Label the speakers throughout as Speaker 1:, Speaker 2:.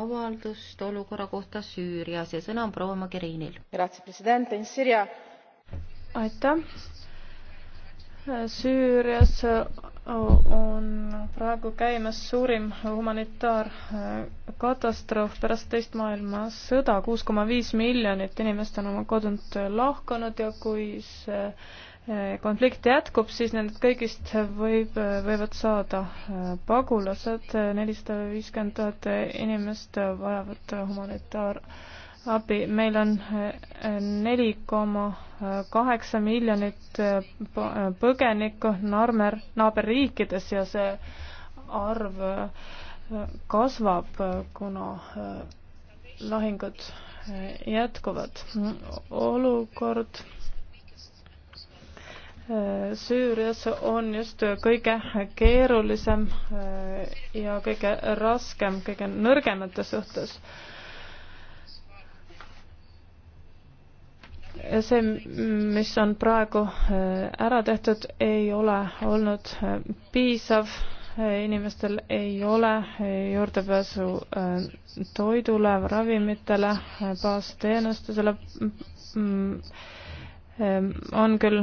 Speaker 1: avaldust olukorra kohta Süürias ja sõna on proua Mogherinil. aitäh. Süürias äh,
Speaker 2: on praegu käimas suurim humanitaarkatastroof äh, pärast teist maailmasõda, kuus koma viis miljonit inimest on oma kodunt lahkunud ja kui see Äh, konflikt jätkub, siis nendest kõigist võib, äh, võivad saada äh, pagulased, nelisada viiskümmend tuhat inimest vajavad humanitaarabi. meil on neli koma kaheksa miljonit põgenikku narmer, naaberriikides ja see arv kasvab, kuna lahingud jätkuvad. olukord Süürias on just kõige keerulisem äh, ja kõige raskem kõige nõrgemate suhtes. ja see, mis on praegu äh, ära tehtud, ei ole olnud äh, piisav, inimestel ei ole juurdepääsu toidule, ravimitele, baasteenustusele mm, Ehm, on küll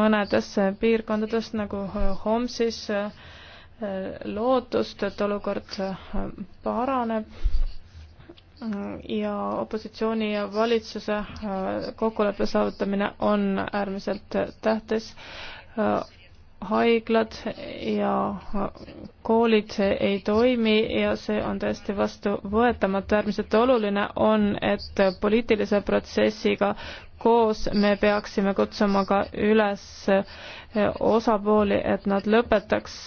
Speaker 2: mõnedes piirkondades nagu äh, Homsis äh, lootust, et olukord äh, paraneb mm, ja opositsiooni ja valitsuse kokkuleppe saavutamine on äärmiselt tähtis haiglad ja koolid ei toimi ja see on täiesti vastuvõetamatu. äärmiselt oluline on, et poliitilise protsessiga koos me peaksime kutsuma ka üles osapooli, et nad lõpetaks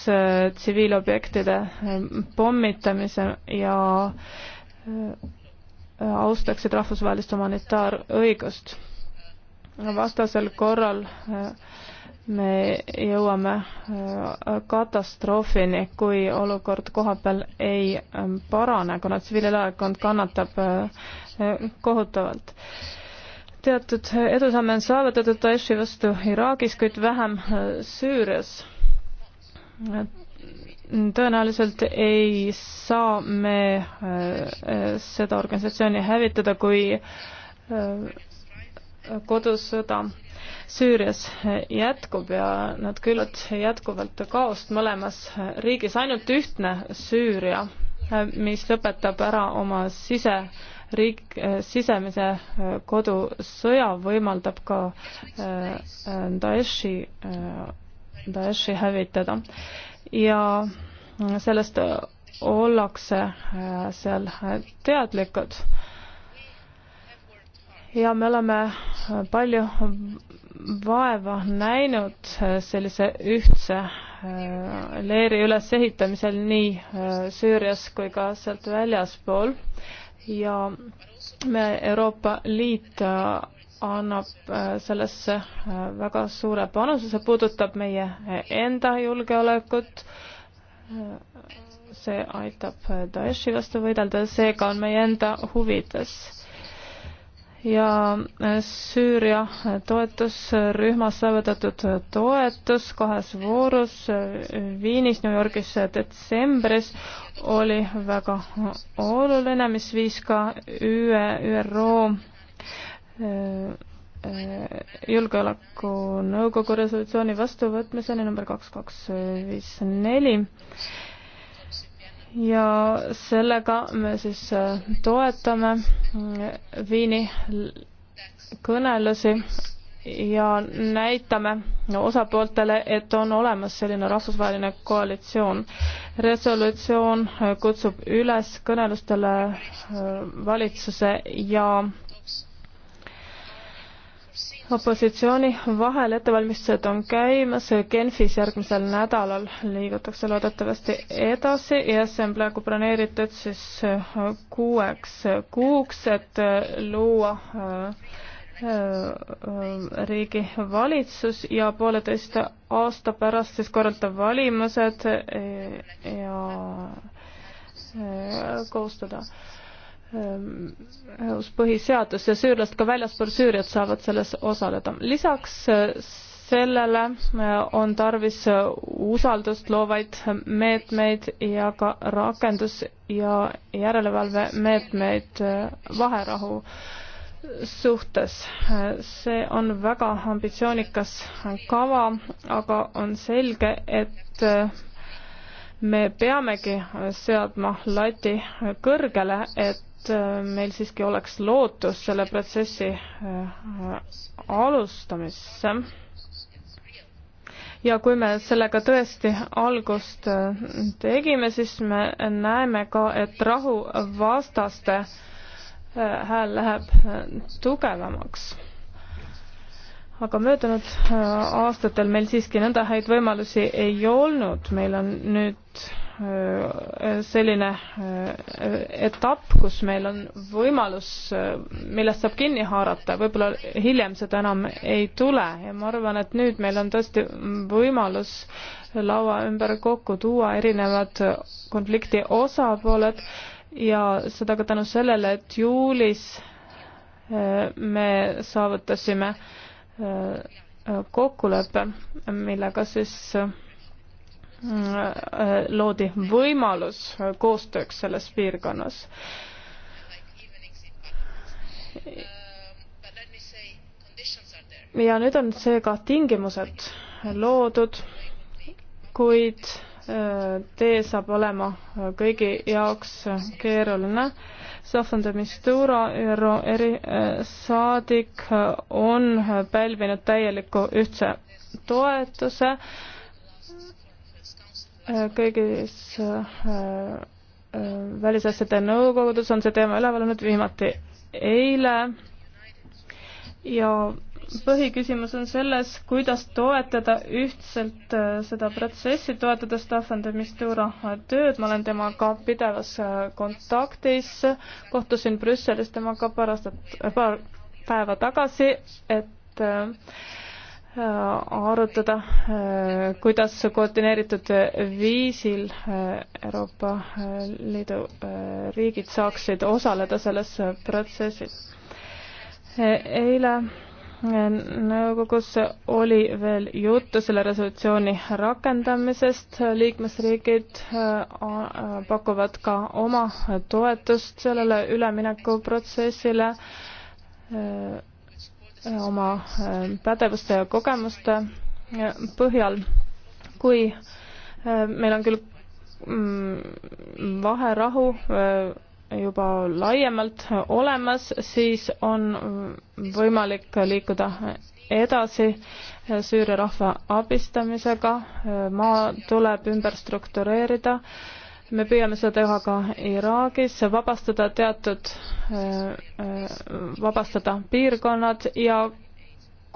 Speaker 2: tsiviilobjektide pommitamise ja äh, austaksid rahvusvahelist humanitaarõigust. vastasel korral äh, me jõuame äh, katastroofini, kui olukord kohapeal ei ähm, parane, kuna tsiviilelanikkond kannatab äh, äh, kohutavalt. teatud edusamme on saavutatud Daeshi vastu Iraagis, kuid vähem Süürias. tõenäoliselt ei saa me seda organisatsiooni hävitada, kui kodusõda Süürias jätkub ja nad küllalt jätkuvalt kaost mõlemas riigis. ainult ühtne Süüria, mis lõpetab ära oma siseriik, sisemise äh, kodusõja, võimaldab ka äh, Daeshi, äh, Daeshi hävitada. ja sellest ollakse seal teadlikud ja me oleme palju vaeva näinud äh, sellise ühtse äh, leeri ülesehitamisel nii äh, Süürias kui ka sealt väljaspool ja me, Euroopa Liit annab sellesse väga suure panuse, see puudutab meie enda julgeolekut, see aitab Daeshi vastu võidelda, seega on meie enda huvides ja äh, Süüria toetusrühmas saavutatud toetus kahes voorus äh, Viinis, New Yorgis äh, detsembris oli väga oluline, mis viis ka ÜRO julgeolekunõukogu resolutsiooni vastuvõtmiseni number kaks, kaks, viis, neli ja sellega me siis äh, toetame äh, Viini kõnelusi ja näitame osapooltele, et on olemas selline rahvusvaheline koalitsioon. resolutsioon äh, kutsub üles kõnelustele valitsuse ja opositsiooni vahel ettevalmistused on käimas, Genfis järgmisel nädalal liigutakse loodetavasti edasi ja see on praegu planeeritud siis äh, kuueks kuuks, et äh, luua äh, riigi valitsus ja pooleteist aasta pärast siis korraldada valimised ja koostada äh, EÜ-s põhiseadus ja süürlased ka väljaspool Süüriat saavad selles osaleda. lisaks sellele on tarvis usaldust loovaid meetmeid ja ka rakendus- ja järelevalvemeetmeid vaherahu suhtes. see on väga ambitsioonikas kava, aga on selge, et me peamegi seadma lati kõrgele, et Äh, meil siiski oleks lootus selle protsessi äh, alustamisse. ja kui me sellega tõesti algust äh, tegime, siis me näeme ka, et rahuvastaste hääl läheb tugevamaks aga möödunud aastatel meil siiski nõnda häid võimalusi ei olnud, meil on nüüd Äh, selline äh, etapp, kus meil on võimalus, äh, millest saab kinni haarata, võib-olla hiljem seda enam ei tule ja ma arvan, et nüüd meil on tõesti võimalus laua ümber kokku tuua erinevad konflikti osapooled ja seda ka tänu sellele, et juulis me saavutasime kokkuleppe, millega siis Mm, äh, loodi võimalus koostööks selles piirkonnas. ja nüüd on seega tingimused loodud, kuid äh, tee saab olema kõigi jaoks keeruline. Staffan de Mistura, ÜRO erisaadik, äh, on pälvinud täieliku ühtse toetuse äh, kõigis äh, äh, välisasjade nõukogudes on see teema üleval olnud viimati eile ja põhiküsimus on selles, kuidas toetada ühtselt äh, seda protsessi, toetada Staffan de Mistura tööd, ma olen temaga pidevas kontaktis, kohtusin Brüsselis temaga paar aastat, paar päeva tagasi, et Äh, arutada, äh, kuidas koordineeritud viisil äh, Euroopa Liidu riigid saaksid osaleda selles protsessis. eile nõukogus oli veel juttu selle resolutsiooni rakendamisest, liikmesriigid pakuvad ka oma toetust sellele üleminekuprotsessile oma äh, pädevuste ja kogemuste äh, põhjal. kui äh, meil on küll mm, vaherahu juba laiemalt olemas, siis on võimalik liikuda edasi Süüria rahva abistamisega, maa tuleb ümber struktureerida me püüame seda teha ka Iraagis, vabastada teatud, äh, äh, vabastada piirkonnad ja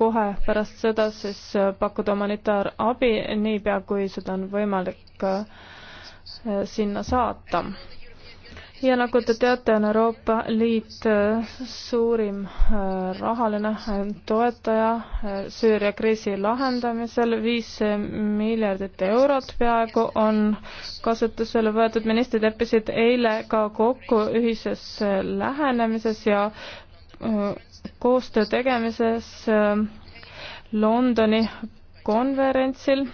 Speaker 2: kohe pärast seda siis äh, pakkuda humanitaarabi niipea, kui seda on võimalik sinna saata ja nagu te teate, on Euroopa Liit äh, suurim äh, rahaline äh, toetaja Süüria kriisi lahendamisel. viis miljardit eurot peaaegu on kasutusele võetud. ministrid leppisid eile ka kokku ühises lähenemises ja koostöö tegemises Londoni konverentsil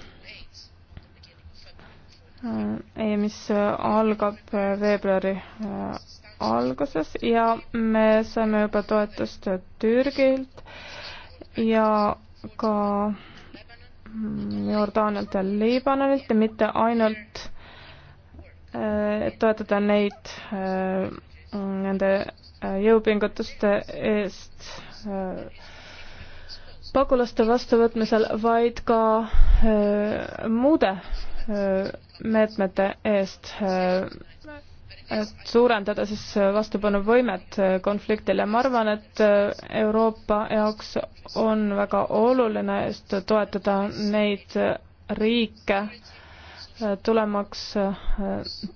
Speaker 2: Äh, mis äh, algab äh, veebruari alguses ja me saime juba toetust Türgilt ja ka mm, Jordaanialt ja Liibanonilt ja mitte ainult, et toetada neid nende jõupingutuste eest pagulaste vastuvõtmisel, vaid ka muude meetmete eest, äh, et suurendada siis vastupanuvõimet äh, konfliktile. ma arvan, et äh, Euroopa jaoks on väga oluline just toetada neid riike, tulemaks äh,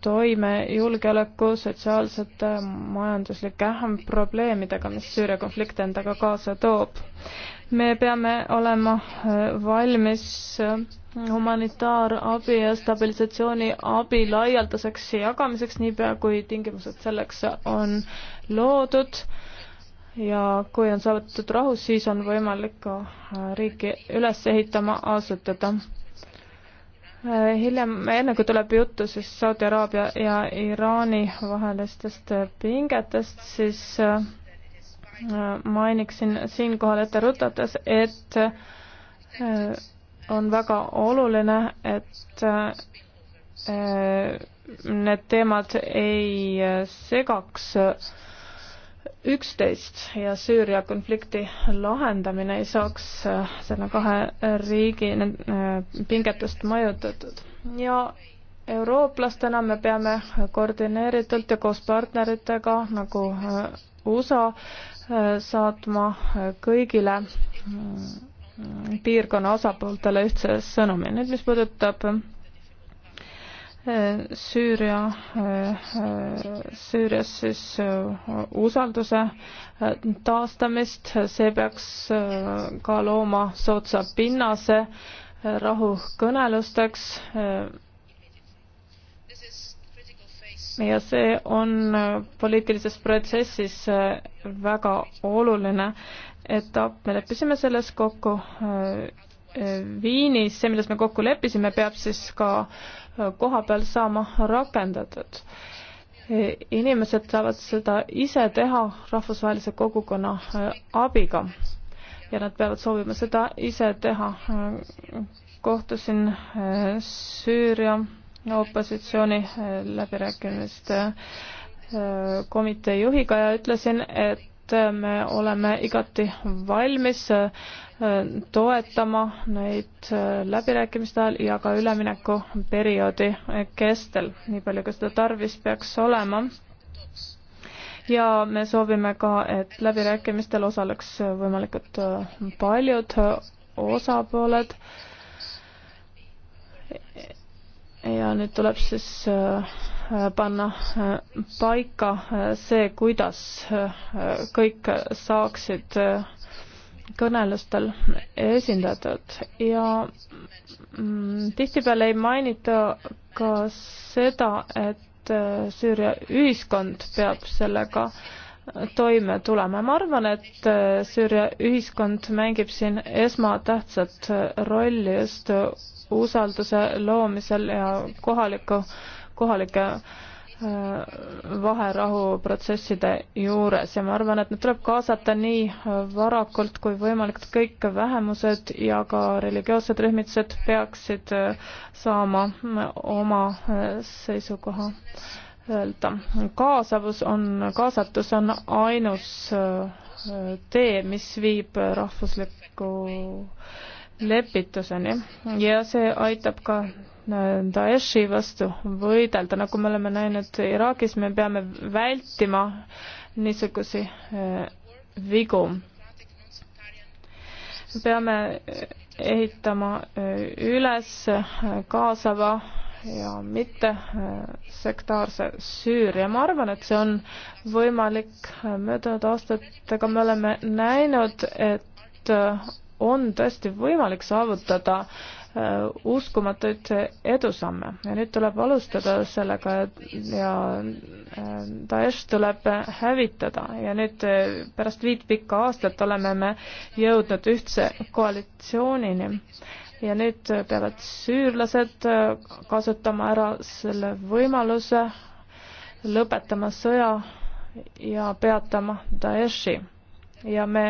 Speaker 2: toime julgeoleku, sotsiaalsete, majanduslike probleemidega, mis Süüria konflikt endaga kaasa toob. me peame olema äh, valmis äh, humanitaarabi ja stabilisatsiooniabi laialdaseks jagamiseks niipea, kui tingimused selleks on loodud ja kui on saavutatud rahu, siis on võimalik ka riiki üles ehitama asutada Äh, hiljem, enne kui tuleb juttu siis Saudi Araabia ja Iraani vahelistest äh, pingetest, siis äh, mainiksin siinkohal ette rutates, et on väga oluline, et need teemad ei segaks üksteist ja Süüria konflikti lahendamine ei saaks äh, selle kahe riigi äh, pingetust mõjutatud. ja eurooplastena me peame koordineeritult ja koos partneritega nagu äh, USA saatma kõigile mm, mm, piirkonna osapooltele ühtse sõnumi. nüüd, mis puudutab Süüria, Süürias siis äh, usalduse äh, taastamist, see peaks äh, ka looma soodsa pinnase rahukõnelusteks. ja see on poliitilises protsessis väga oluline etapp, me leppisime selles kokku Viinis, see, milles me kokku leppisime, peab siis ka äh, koha peal saama rakendatud. inimesed saavad seda ise teha rahvusvahelise kogukonna äh, abiga ja nad peavad soovima seda ise teha. kohtusin äh, Süüria opositsiooni äh, läbirääkimiste komitee juhiga ja ütlesin, et et me oleme igati valmis äh, toetama neid äh, läbirääkimiste ajal ja ka üleminekuperioodi kestel, nii palju kui seda tarvis peaks olema. ja me soovime ka, et läbirääkimistel osaleks võimalikult äh, paljud osapooled. ja nüüd tuleb siis äh, panna äh, paika äh, see, kuidas äh, kõik saaksid kõnelustel esindatud ja mm, tihtipeale ei mainita ka seda, et Süüria ühiskond peab sellega toime tulema. ma arvan, et Süüria ühiskond mängib siin esmatähtsat rolli just usalduse loomisel ja kohaliku äh, kohalike äh, vaherahuprotsesside juures ja ma arvan, et need tuleb kaasata nii varakult kui võimalik, et kõik vähemused ja ka religioossed rühmitused peaksid äh, saama äh, oma seisukoha öelda. kaasavus on, kaasatus on ainus tee, mis viib rahvusliku lepituseni ja see aitab ka Daeshi vastu võidelda, nagu me oleme näinud Iraagis, me peame vältima niisugusi eh, vigu. peame eh, ehitama eh, üles kaasava ja mitte sektaarse Süüria. ma arvan, et see on võimalik. möödunud aastatega me oleme näinud, et on tõesti võimalik saavutada äh, Äh, uskumatuid edusamme ja nüüd tuleb alustada sellega ja äh, Daesh tuleb hävitada ja nüüd äh, pärast viit pikka aastat oleme me jõudnud ühtse koalitsioonini ja nüüd peavad süürlased kasutama ära selle võimaluse lõpetama sõja ja peatama Daeshi ja me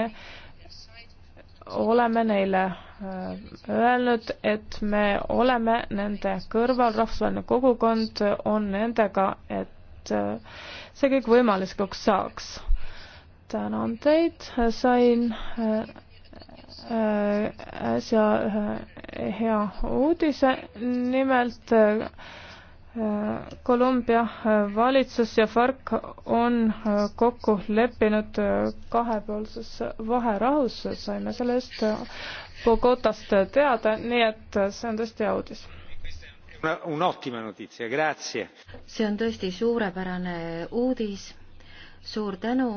Speaker 2: oleme neile Äh, öelnud, et me oleme nende kõrval, rahvusvaheline kogukond on nendega, et äh, see kõik võimalikuks saaks. tänan teid, sain äh, äsja ühe hea uudise, nimelt Kolumbia valitsus ja FARC on äh, kokku leppinud äh, kahepoolses vaherahus, saime sellest äh, Bogotast teada, nii et see on tõesti uudis.
Speaker 1: see on tõesti suurepärane uudis, suur tänu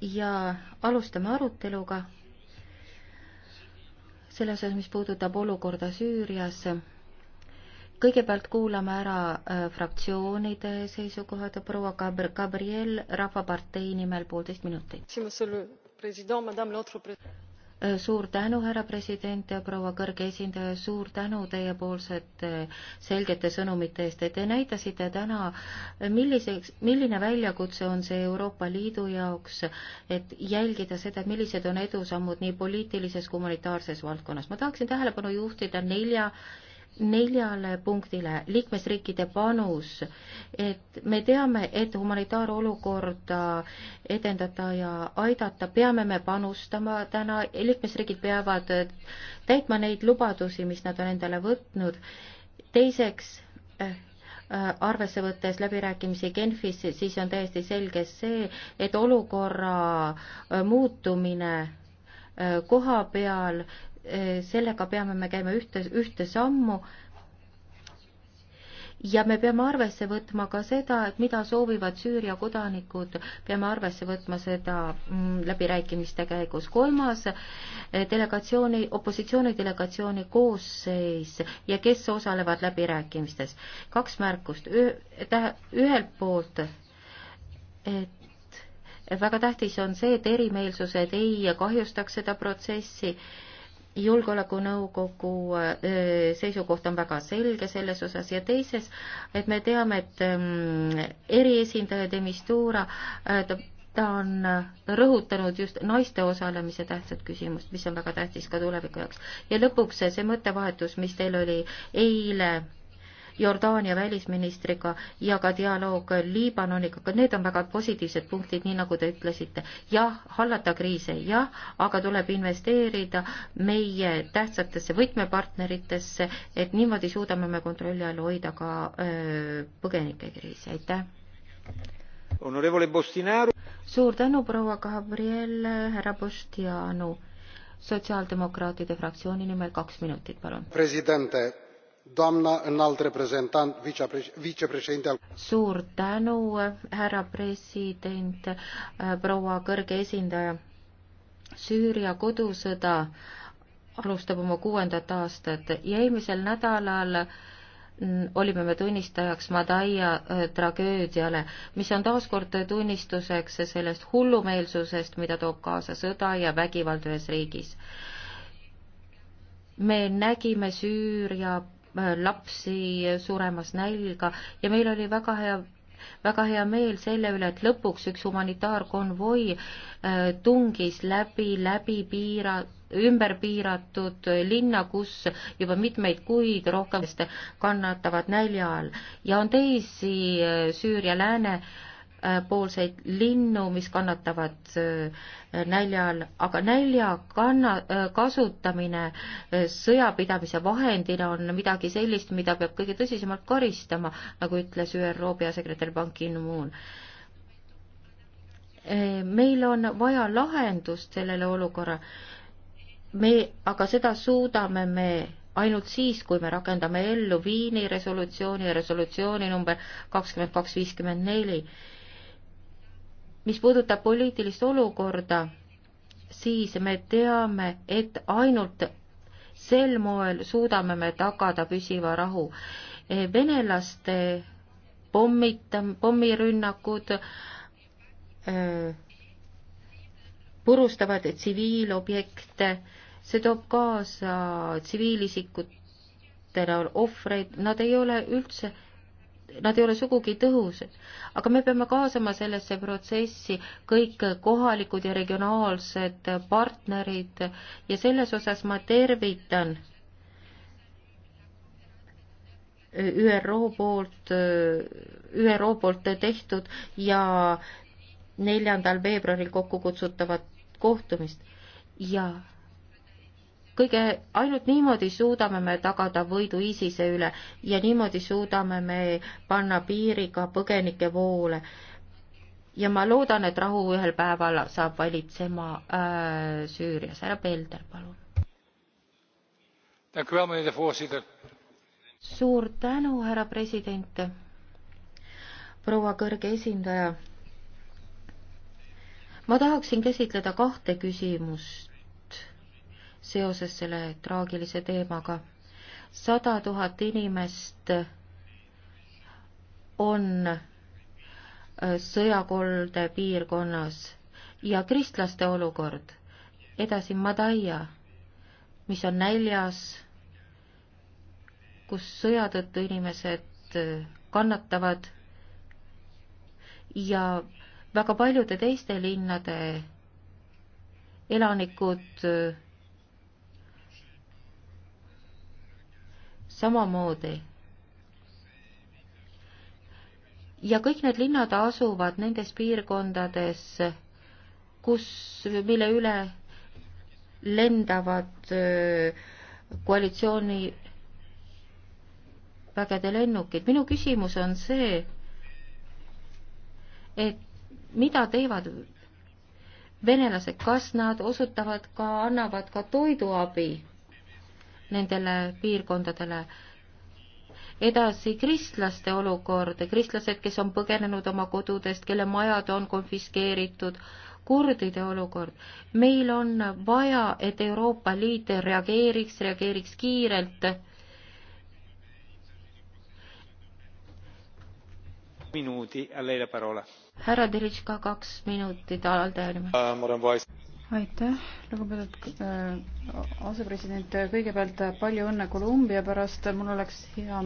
Speaker 1: ja alustame aruteluga selle osas, mis puudutab olukorda Süürias kõigepealt kuulame ära äh, fraktsioonide seisukohad ja proua Gabr-, Gabriel Rahvapartei nimel poolteist minutit. Äh, suur tänu, härra president ja proua kõrge esindaja, suur tänu teiepoolsete äh, selgete sõnumite eest. Te näitasite täna, milliseks, milline väljakutse on see Euroopa Liidu jaoks, et jälgida seda, millised on edusammud nii poliitilises kui humanitaarses valdkonnas. ma tahaksin tähelepanu juhtida nelja neljale punktile, liikmesriikide panus, et me teame, et humanitaarolukorda edendada ja aidata, peame me panustama täna, liikmesriigid peavad täitma neid lubadusi, mis nad on endale võtnud. teiseks, eh, eh, arvesse võttes läbirääkimisi Genfis, siis on täiesti selge see, et olukorra eh, muutumine koha peal Äh, sellega peame me käima ühte, ühte sammu ja me peame arvesse võtma ka seda, et mida soovivad Süüria kodanikud, peame arvesse võtma seda mm, läbirääkimiste käigus. kolmas äh, delegatsiooni, opositsioonidelegatsiooni koosseis ja kes osalevad läbirääkimistes. kaks märkust, ühelt poolt, et väga tähtis on see, et erimeelsused ei kahjustaks seda protsessi julgeolekunõukogu äh, seisukoht on väga selge selles osas ja teises, et me teame, et mm, eriesindaja Demistura, äh, ta, ta on äh, rõhutanud just naiste osalemise tähtsat küsimust, mis on väga tähtis ka tuleviku jaoks. ja lõpuks see mõttevahetus, mis teil oli eile Jordaania välisministriga ja ka dialoog Liibanoniga, ka need on väga positiivsed punktid, nii nagu te ütlesite. jah, hallata kriise, jah, aga tuleb investeerida meie tähtsatesse võtmepartneritesse, et niimoodi suudame me kontrolli all hoida ka põgenikekriisi, aitäh. suur tänu, proua Gabriel, härra Postianu sotsiaaldemokraatide fraktsiooni nimel kaks minutit, palun.
Speaker 2: president doamnă înalt
Speaker 3: reprezentant vicepreședinte al
Speaker 1: Suur tänu, härra president, proua kõrge esindaja. Süüria kodusõda alustab oma kuuendat aastat ja eelmisel nädalal olime me tunnistajaks Madaia äh, tragöödiale, mis on taaskord tunnistuseks sellest hullumeelsusest, mida toob kaasa sõda ja vägivald ühes riigis. me nägime Süüria lapsi suremas nälga ja meil oli väga hea väga hea meel selle üle, et lõpuks üks humanitaarkonvoi äh, tungis läbi, läbi piira, ümber piiratud linna, kus juba mitmeid kuid rohkem kannatavad nälja all ja on teisi äh, Süüria lääne äh, poolseid linnu, mis kannatavad äh, nälja all, aga nälja kanna-, äh, kasutamine äh, sõjapidamise vahendina on midagi sellist, mida peab kõige tõsisemalt karistama, nagu ütles ÜRO peasekretär Ban Ki-moon meil on vaja lahendust sellele olukorra, me, aga seda suudame me ainult siis, kui me rakendame ellu Viini resolutsiooni ja resolutsiooni number kakskümmend kaks viiskümmend neli mis puudutab poliitilist olukorda, siis me teame, et ainult sel moel suudame me tagada püsiva rahu. Eh, venelaste pommitam-, pommirünnakud eh, purustavad tsiviilobjekte, see toob kaasa tsiviilisikute näol ohvreid, nad ei ole üldse nad ei ole sugugi tõhusad. aga me peame kaasama sellesse protsessi kõik kohalikud ja regionaalsed partnerid ja selles osas ma tervitan ÜRO poolt, ÜRO poolt tehtud ja neljandal veebruaril kokku kutsutavat kohtumist ja kõige, ainult niimoodi suudame me tagada võidu ISISe üle ja niimoodi suudame me panna piiri ka põgenike voole. ja ma loodan, et rahu ühel päeval saab valitsema äh, Süürias. härra Pelder, palun. suur tänu, härra president. proua kõrge esindaja ma tahaksin käsitleda kahte küsimust seoses selle traagilise teemaga. sada tuhat inimest on äh, sõjakolde piirkonnas ja kristlaste olukord, edasi Madaia, mis on näljas, kus sõja tõttu inimesed äh, kannatavad ja väga paljude teiste linnade elanikud äh, samamoodi. ja kõik need linnad asuvad nendes piirkondades, kus, mille üle lendavad äh, koalitsiooni vägede lennukid. minu küsimus on see, et mida teevad venelased, kas nad osutavad ka, annavad ka toiduabi nendele piirkondadele. edasi kristlaste olukord, kristlased, kes on põgenenud oma kodudest, kelle majad on konfiskeeritud, kurdide olukord. meil on vaja, et Euroopa Liit reageeriks, reageeriks kiirelt.
Speaker 2: minuti, alla teile parola.
Speaker 1: härra Delitška, kaks minutit, alla uh,
Speaker 3: teile
Speaker 1: aitäh, lugupeetud äh,
Speaker 3: asepresident, kõigepealt palju õnne Kolumbia pärast, mul oleks hea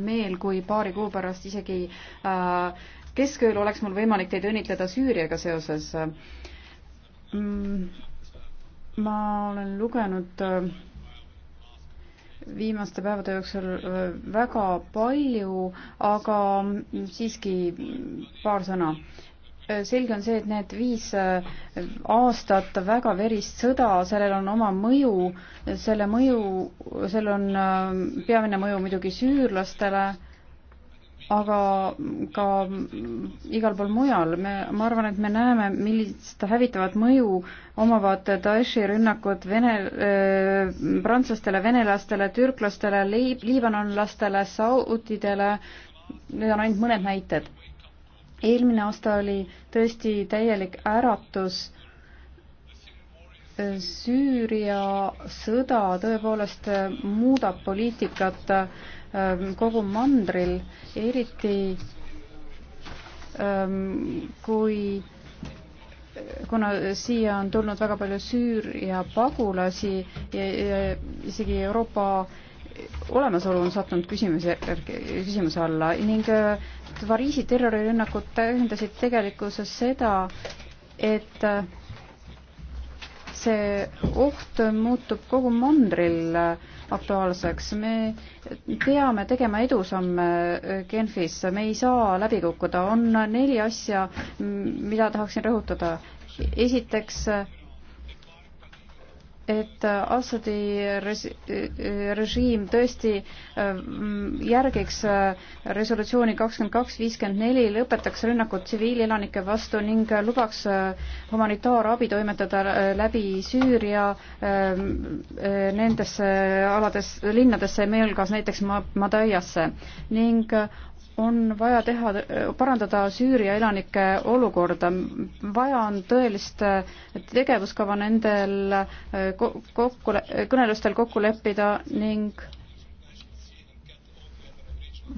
Speaker 3: meel, kui paari kuu pärast isegi äh, keskööl oleks mul võimalik teid õnnitleda Süüriaga seoses. Mm, ma olen lugenud äh, viimaste päevade jooksul väga palju, aga siiski paar sõna selge on see, et need viis äh, aastat väga verist sõda, sellel on oma mõju, selle mõju, sel on äh, peamine mõju muidugi süürlastele, aga ka igal pool mujal. me, ma arvan, et me näeme, millist hävitavat mõju omavad Daeshi rünnakud vene, äh, prantslastele, venelastele, türklastele, liibanonlastele, saudidele, need on ainult mõned näited eelmine aasta oli tõesti täielik äratus. Süüria sõda tõepoolest muudab poliitikat ähm, kogu mandril, eriti ähm, kui kuna siia on tulnud väga palju Süüria pagulasi ja isegi Euroopa olemasolu on sattunud küsimuse, küsimuse alla ning äh, Pariisi terrorirünnakud tähendasid tegelikkuses seda, et äh, see oht muutub kogu mandril äh, aktuaalseks. me peame tegema edusamme Genfis, me ei saa läbi kukkuda. on neli asja, mida tahaksin rõhutada. esiteks et äh, Assadi äh, režiim tõesti äh, mm, järgiks resolutsiooni kakskümmend kaks viiskümmend neli, lõpetaks rünnakud tsiviilelanike vastu ning lubaks humanitaarabi toimetada läbi Süüria ähm, nendesse alades, linnadesse, meelkas näiteks Madaiasse ning on vaja teha, parandada Süüria elanike olukorda. vaja on tõelist tegevuskava nendel eh, kokku, kõnelustel kokku leppida ning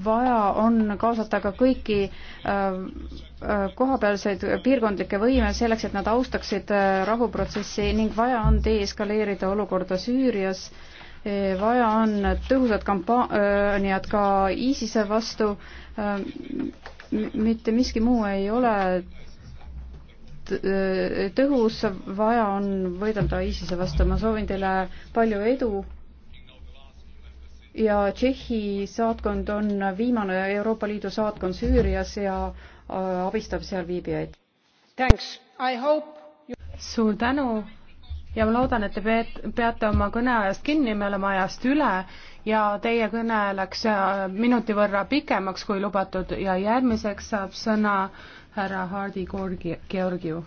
Speaker 3: vaja on kaasata ka kõiki eh, eh, kohapealseid piirkondlikke võime selleks, et nad austaksid rahuprotsessi ning vaja on deeskaleerida olukorda Süürias vaja on tõhusat kampaaniat ka ISISe vastu Äh, mitte miski muu ei ole äh, tõhus, vaja on võidelda ISISe vastu. ma soovin teile palju edu. ja Tšehhi saatkond on viimane Euroopa Liidu saatkond Süürias ja äh, abistab seal viibijaid. You... suur tänu ja ma loodan, et te
Speaker 4: peate oma kõneajast kinni, me oleme ajast üle ja teie kõne läks äh, minuti võrra pikemaks kui lubatud ja järgmiseks saab sõna härra Hardi Georgiu.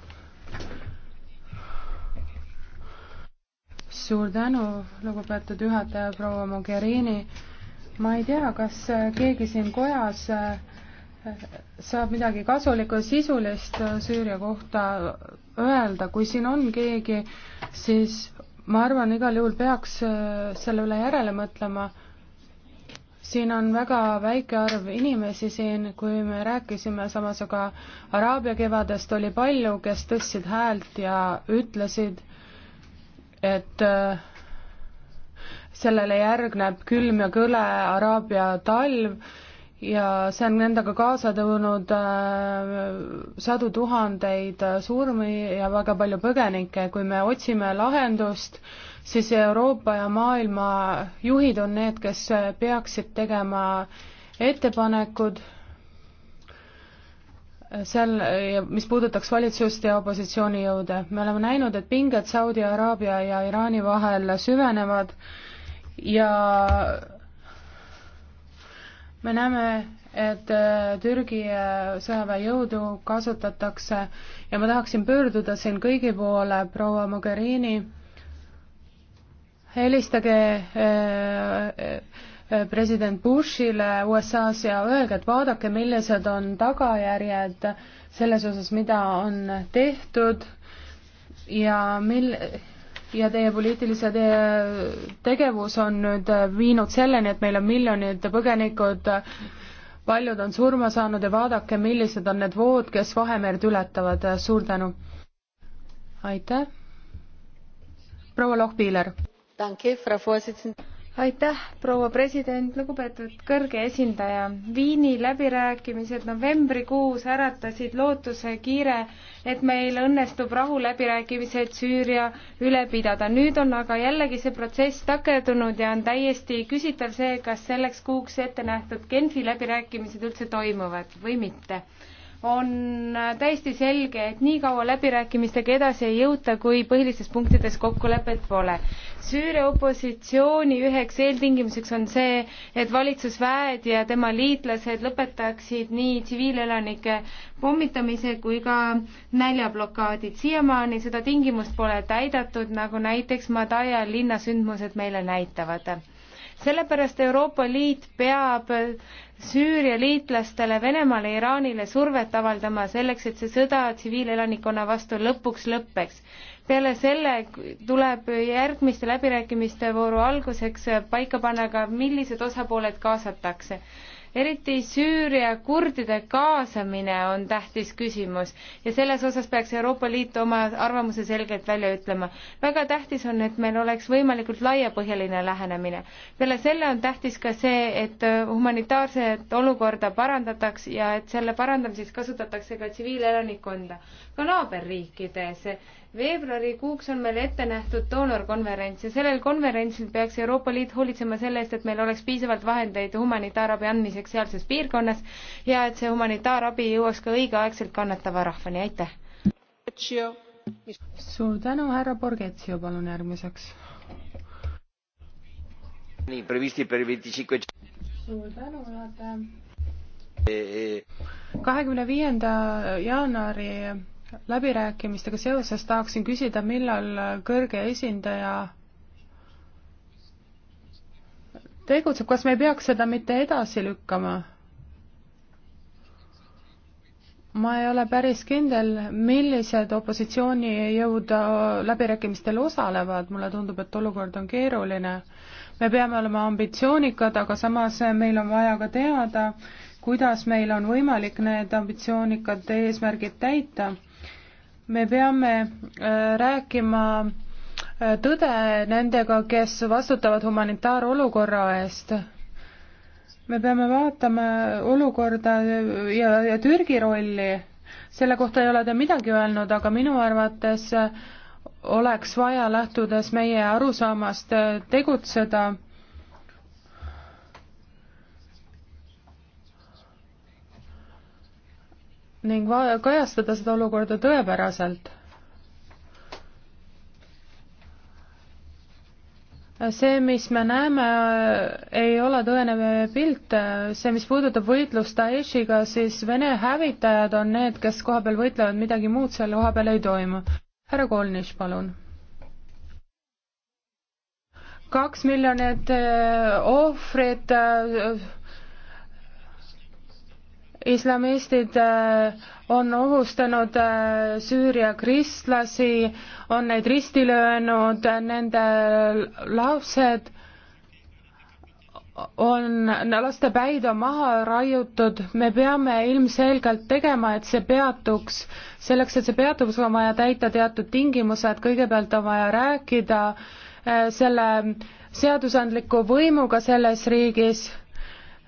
Speaker 4: suur tänu, lugupeetud juhataja proua Mogherini. ma ei tea, kas keegi siin kojas äh, saab midagi kasulikku sisulist Süüria kohta öelda, kui siin on keegi, siis ma arvan, igal juhul peaks äh, selle üle järele mõtlema. siin on väga väike arv inimesi siin, kui me rääkisime samas aga Araabia kevadest oli palju, kes tõstsid häält ja ütlesid, et äh, sellele järgneb külm ja kõle Araabia talv ja see on endaga kaasa toonud äh, sadu tuhandeid äh, surmi ja väga palju põgenikke. kui me otsime lahendust, siis Euroopa ja maailma juhid on need, kes äh, peaksid tegema ettepanekud seal, mis puudutaks valitsust ja opositsioonijõude. me oleme näinud, et pinged Saudi Araabia ja Iraani vahel süvenevad ja me näeme, et äh, Türgi äh, sõjaväejõudu kasutatakse ja ma tahaksin pöörduda siin kõigi poole, proua Mogherini, helistage äh, president Bushile USA-s ja öelge, et vaadake, millised on tagajärjed selles osas, mida on tehtud ja mil-, ja teie poliitilise teie eh, tegevus on nüüd eh, viinud selleni, et meil on miljonid põgenikud, paljud on surma saanud ja vaadake, millised on need vood, kes Vahemerd ületavad, suur tänu! aitäh! proua Lohpiiler!
Speaker 5: aitäh, proua president, lugupeetud kõrge esindaja. Viini läbirääkimised novembrikuus äratasid lootuse kiire, et meil õnnestub rahuläbirääkimised Süüria üle pidada. nüüd on aga jällegi see protsess takerdunud ja on täiesti küsitav see, kas selleks kuuks ette nähtud Genfi läbirääkimised üldse toimuvad või mitte on täiesti selge, et nii kaua läbirääkimistega edasi ei jõuta, kui põhilistes punktides kokkulepet pole. Süüria opositsiooni üheks eeltingimuseks on see, et valitsusväed ja tema liitlased lõpetaksid nii tsiviilelanike pommitamise kui ka näljablokaadid. siiamaani seda tingimust pole täidetud, nagu näiteks Madaja linnasündmused meile näitavad sellepärast Euroopa Liit peab Süüria liitlastele, Venemaale, Iraanile survet avaldama selleks, et see sõda tsiviilelanikkonna vastu lõpuks lõpeks. peale selle tuleb järgmiste läbirääkimiste vooru alguseks paika panna ka, millised osapooled kaasatakse eriti Süüria kurdide kaasamine on tähtis küsimus ja selles osas peaks Euroopa Liit oma arvamuse selgelt välja ütlema. väga tähtis on, et meil oleks võimalikult laiapõhjaline lähenemine. peale selle on tähtis ka see, et humanitaarset olukorda parandataks ja et selle parandamiseks kasutatakse ka tsiviilelanikkonda, ka naaberriikides veebruarikuuks on meil ette nähtud doonorkonverents ja sellel konverentsil peaks Euroopa Liit hoolitsema selle eest, et meil oleks piisavalt vahendeid humanitaarabi andmiseks sealses piirkonnas ja et see humanitaarabi jõuaks ka õigeaegselt kannatava rahvani, aitäh!
Speaker 4: suur tänu, härra Borgetsio, palun järgmiseks. suur tänu, juhataja. kahekümne viienda jaanuari läbirääkimistega seoses tahaksin küsida, millal kõrge esindaja tegutseb, kas me ei peaks seda mitte edasi lükkama? ma ei ole päris kindel, millised opositsioonijõud läbirääkimistel osalevad, mulle tundub, et olukord on keeruline. me peame olema ambitsioonikad, aga samas meil on vaja ka teada, kuidas meil on võimalik need ambitsioonikad eesmärgid täita me peame äh, rääkima äh, tõde nendega, kes vastutavad humanitaarolukorra eest. me peame vaatama olukorda ja, ja Türgi rolli. selle kohta ei ole ta midagi öelnud, aga minu arvates oleks vaja, lähtudes meie arusaamast, tegutseda ning kajastada seda olukorda tõepäraselt. see, mis me näeme, ei ole tõene pilt, see, mis puudutab võitlust Daeshiga, siis Vene hävitajad on need, kes kohapeal võitlevad, midagi muud seal kohapeal ei toimu. härra Kolnis, palun. kaks miljonit eh, ohvrit eh, islamistid äh, on ohustanud äh, Süüria kristlasi, on neid risti löönud, nende lapsed on, laste päid on maha raiutud, me peame ilmselgelt tegema, et see peatuks. selleks, et see peatuks, on vaja täita teatud tingimused, kõigepealt on vaja rääkida äh, selle seadusandliku võimuga selles riigis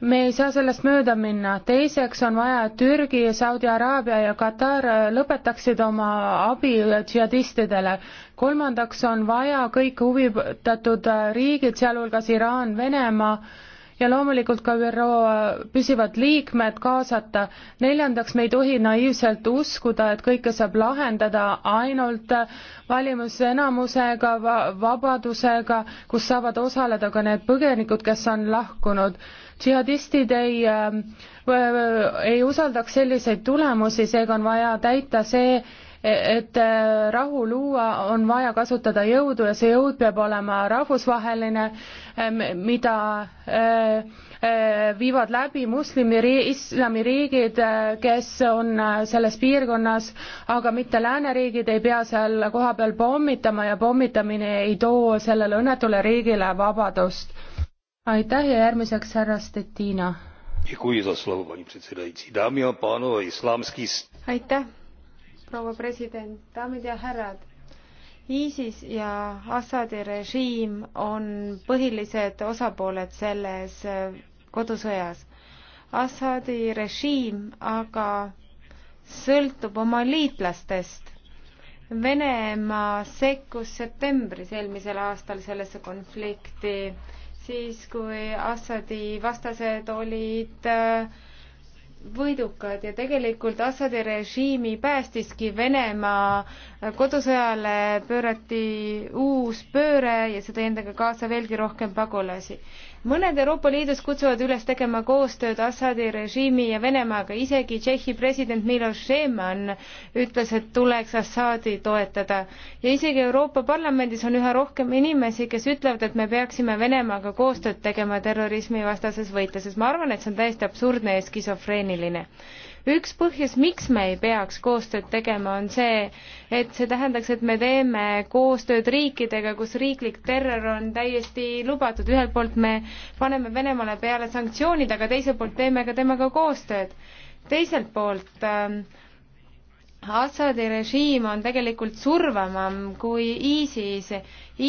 Speaker 4: me ei saa sellest mööda minna, teiseks on vaja, et Türgi, Saudi Araabia ja Katar lõpetaksid oma abi džihadistidele. kolmandaks on vaja kõik huvitatud riigid, sealhulgas Iraan, Venemaa, ja loomulikult ka ÜRO püsivad liikmed kaasata. neljandaks, me ei tohi naiivselt uskuda, et kõike saab lahendada ainult valimisenamusega, vabadusega, kus saavad osaleda ka need põgenikud, kes on lahkunud. džihadistid ei äh, äh ei usaldaks selliseid tulemusi, seega on vaja täita see et äh, rahu luua, on vaja kasutada jõudu ja see jõud peab olema rahvusvaheline, ähm, mida äh, äh, viivad läbi muslimi, islamiriigid, kes on selles piirkonnas, aga mitte lääneriigid ei pea seal kohapeal pommitama ja pommitamine ei too sellele õnnetule riigile vabadust. aitäh ja järgmiseks härra Stettina.
Speaker 5: aitäh proua president, daamid ja härrad. ISIS ja Assadi režiim on põhilised osapooled selles äh, kodusõjas. Assadi režiim aga sõltub oma liitlastest. Venemaa sekkus septembris eelmisel aastal sellesse konflikti, siis kui Assadi vastased olid äh, võidukad ja tegelikult Assadi režiimi päästiski Venemaa kodusõjale pöörati uus pööre ja see tõi endaga kaasa veelgi rohkem pagulasi. mõned Euroopa Liidus kutsuvad üles tegema koostööd Assadi režiimi ja Venemaaga, isegi Tšehhi president Miloš Zeman ütles, et tuleks Assadi toetada. ja isegi Euroopa Parlamendis on üha rohkem inimesi, kes ütlevad, et me peaksime Venemaaga koostööd tegema terrorismivastases võitluses. ma arvan, et see on täiesti absurdne ja skisofreeniline üks põhjus, miks me ei peaks koostööd tegema, on see, et see tähendaks, et me teeme koostööd riikidega, kus riiklik terror on täiesti lubatud. ühelt poolt me paneme Venemaale peale sanktsioonid, aga teiselt poolt teeme ka temaga koostööd. teiselt poolt äh, Assadi režiim on tegelikult survavam kui ISIS.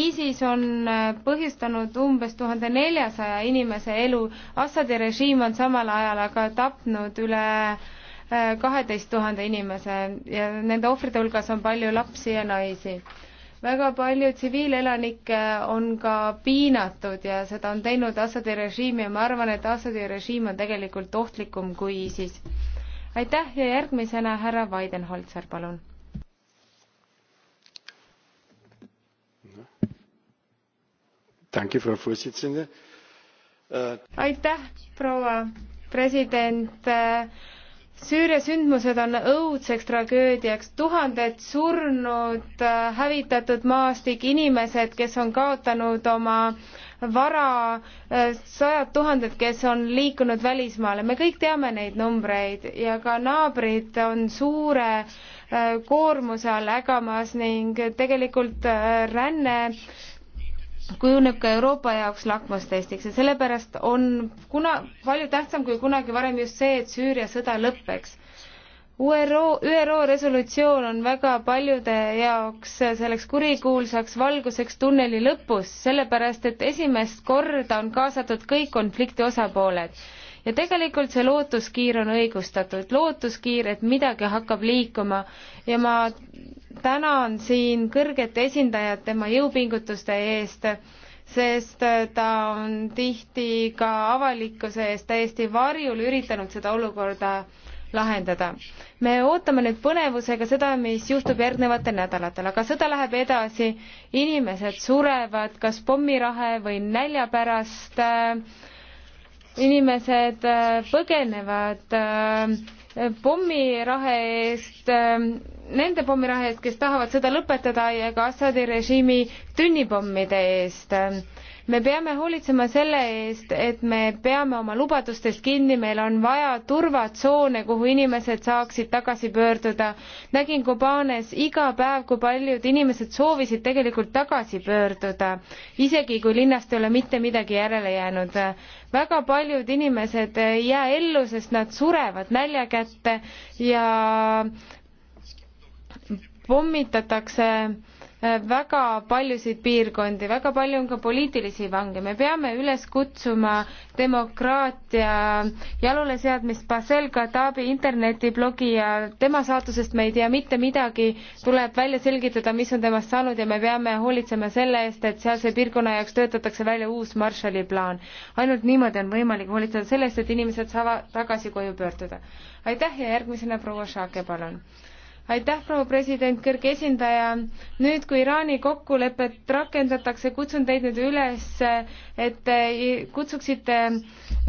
Speaker 5: ISIS on äh, põhjustanud umbes tuhande neljasaja inimese elu, Assadi režiim on samal ajal aga tapnud üle kaheteist tuhande inimese ja nende ohvrite hulgas on palju lapsi ja naisi. väga palju tsiviilelanikke on ka piinatud ja seda on teinud Assadi režiim ja ma arvan, et Assadi režiim on tegelikult ohtlikum kui ISIS. aitäh ja järgmisena härra Weidenholzer, palun frau präsidentin! Äh, aitäh proua president! Äh, Süüria sündmused on õudseks tragöödiaks, tuhanded surnud, äh, hävitatud maastik, inimesed, kes on kaotanud oma vara, äh, sajad tuhanded, kes on liikunud välismaale, me kõik teame neid numbreid ja ka naabrid on suure äh, koormuse all ägamas ning tegelikult ränne äh, kujuneb ka Euroopa jaoks lakmustestiks ja sellepärast on kuna, palju tähtsam kui kunagi varem just see, et Süüria sõda lõpeks. ÜRO, ÜRO resolutsioon on väga paljude jaoks selleks kurikuulsaks valguseks tunneli lõpus, sellepärast et esimest korda on kaasatud kõik konflikti osapooled. ja tegelikult see lootuskiir on õigustatud, lootuskiir, et midagi hakkab liikuma ja ma tänan siin kõrget esindajat tema jõupingutuste eest, sest ta on tihti ka avalikkuse eest täiesti varjul üritanud seda olukorda lahendada. me ootame nüüd põnevusega seda, mis juhtub järgnevatel nädalatel, aga sõda läheb edasi, inimesed surevad kas pommirahe või nälja pärast, inimesed äh, põgenevad äh, pommirahe eest äh, nende pommirahe eest, kes tahavad sõda lõpetada ja ka Assadi režiimi tünnipommide eest. me peame hoolitsema selle eest, et me peame oma lubadustest kinni, meil on vaja turvatsoone, kuhu inimesed saaksid tagasi pöörduda. nägin Kubaanes iga päev, kui paljud inimesed soovisid tegelikult tagasi pöörduda, isegi kui linnast ei ole mitte midagi järele jäänud väga paljud inimesed ei jää ellu, sest nad surevad nälja kätte ja pommitatakse äh, väga paljusid piirkondi, väga palju on ka poliitilisi vange, me peame üles kutsuma demokraatia jaluleseadmist, Basel Kadabi internetiblogi ja tema saatusest me ei tea mitte midagi, tuleb välja selgitada, mis on temast saanud ja me peame hoolitsema selle eest, et sealse piirkonna jaoks töötatakse välja uus Marshalli plaan. ainult niimoodi on võimalik hoolitseda selle eest, et inimesed saavad tagasi koju pöörduda. aitäh ja järgmisena proua Šake, palun aitäh, proua president, kõrge esindaja. nüüd, kui Iraani kokkulepet rakendatakse, kutsun teid nüüd üles, et te kutsuksite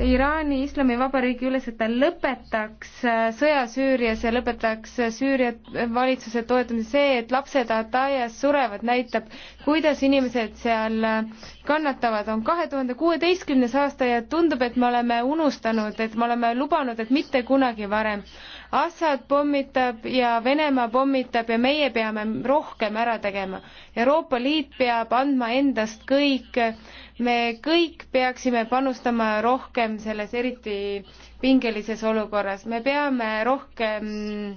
Speaker 5: Iraani Islamivabariigi üles, et ta lõpetaks sõja Süürias ja lõpetaks Süüria valitsuse toetamise. see, et lapsed Ataias surevad, näitab, kuidas inimesed seal kannatavad. on kahe tuhande kuueteistkümnes aasta ja tundub, et me oleme unustanud, et me oleme lubanud, et mitte kunagi varem. Assad pommitab ja Venemaa Venemaa pommitab ja meie peame rohkem ära tegema. Euroopa Liit peab andma endast kõik, me kõik peaksime panustama rohkem selles eriti pingelises olukorras, me peame rohkem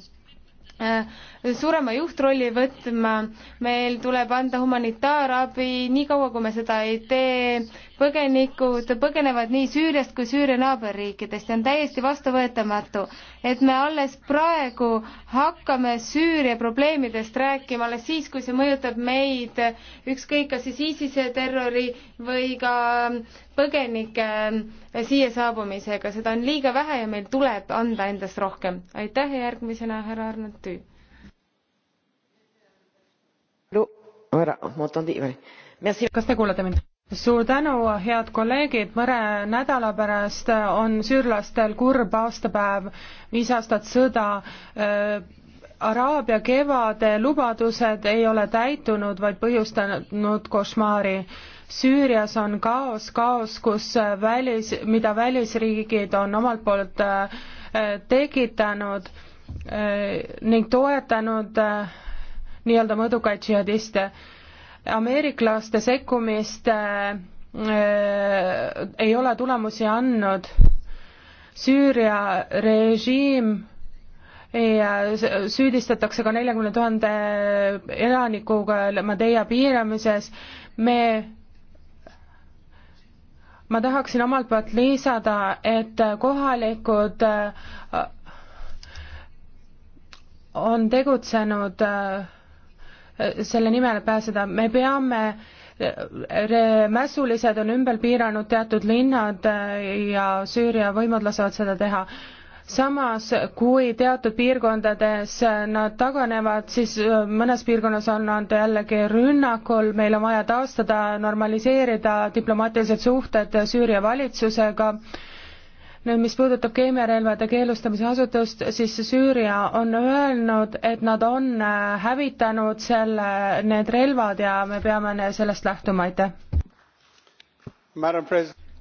Speaker 5: äh, suurema juhtrolli võtma, meil tuleb anda humanitaarabi, niikaua kui me seda ei tee, põgenikud põgenevad nii Süüriast kui Süüria naaberriikidest ja on täiesti vastuvõetamatu, et me alles praegu hakkame Süüria probleemidest rääkima alles siis, kui see mõjutab meid, ükskõik kas siis ISISe terrori või ka põgenike äh, siia saabumisega, seda on liiga vähe ja meil tuleb anda endast rohkem. aitäh ja järgmisena härra Arnold Tüü.
Speaker 3: kas te kuulete mind?
Speaker 4: suur tänu, head kolleegid, mõne nädala pärast on süürlastel kurb aastapäev, viis aastat sõda äh,. Araabia kevade lubadused ei ole täitunud, vaid põhjustanud košmaari. Süürias on kaos, kaos, kus välis, mida välisriigid on omalt poolt äh, tekitanud äh, ning toetanud äh, nii-öelda mõõdukaid džihadiste ameeriklaste sekkumist äh, äh, ei ole tulemusi andnud. Süüria režiim süüdistatakse ka neljakümne tuhande elanikuga Madeia piiramises. me, ma tahaksin omalt poolt lisada, et kohalikud äh, on tegutsenud äh, selle nimel pääseda, me peame mässulised on ümber piiranud teatud linnad äh, ja Süüria võimud lasevad seda teha. samas, kui teatud piirkondades äh, nad taganevad, siis äh, mõnes piirkonnas on nad jällegi rünnakul, meil on vaja taastada, normaliseerida diplomaatilised suhted Süüria valitsusega nüüd, mis puudutab keemiarelvade keelustamise asutust, siis Süüria on öelnud, et nad on äh, hävitanud selle, need relvad ja me peame sellest lähtuma, aitäh.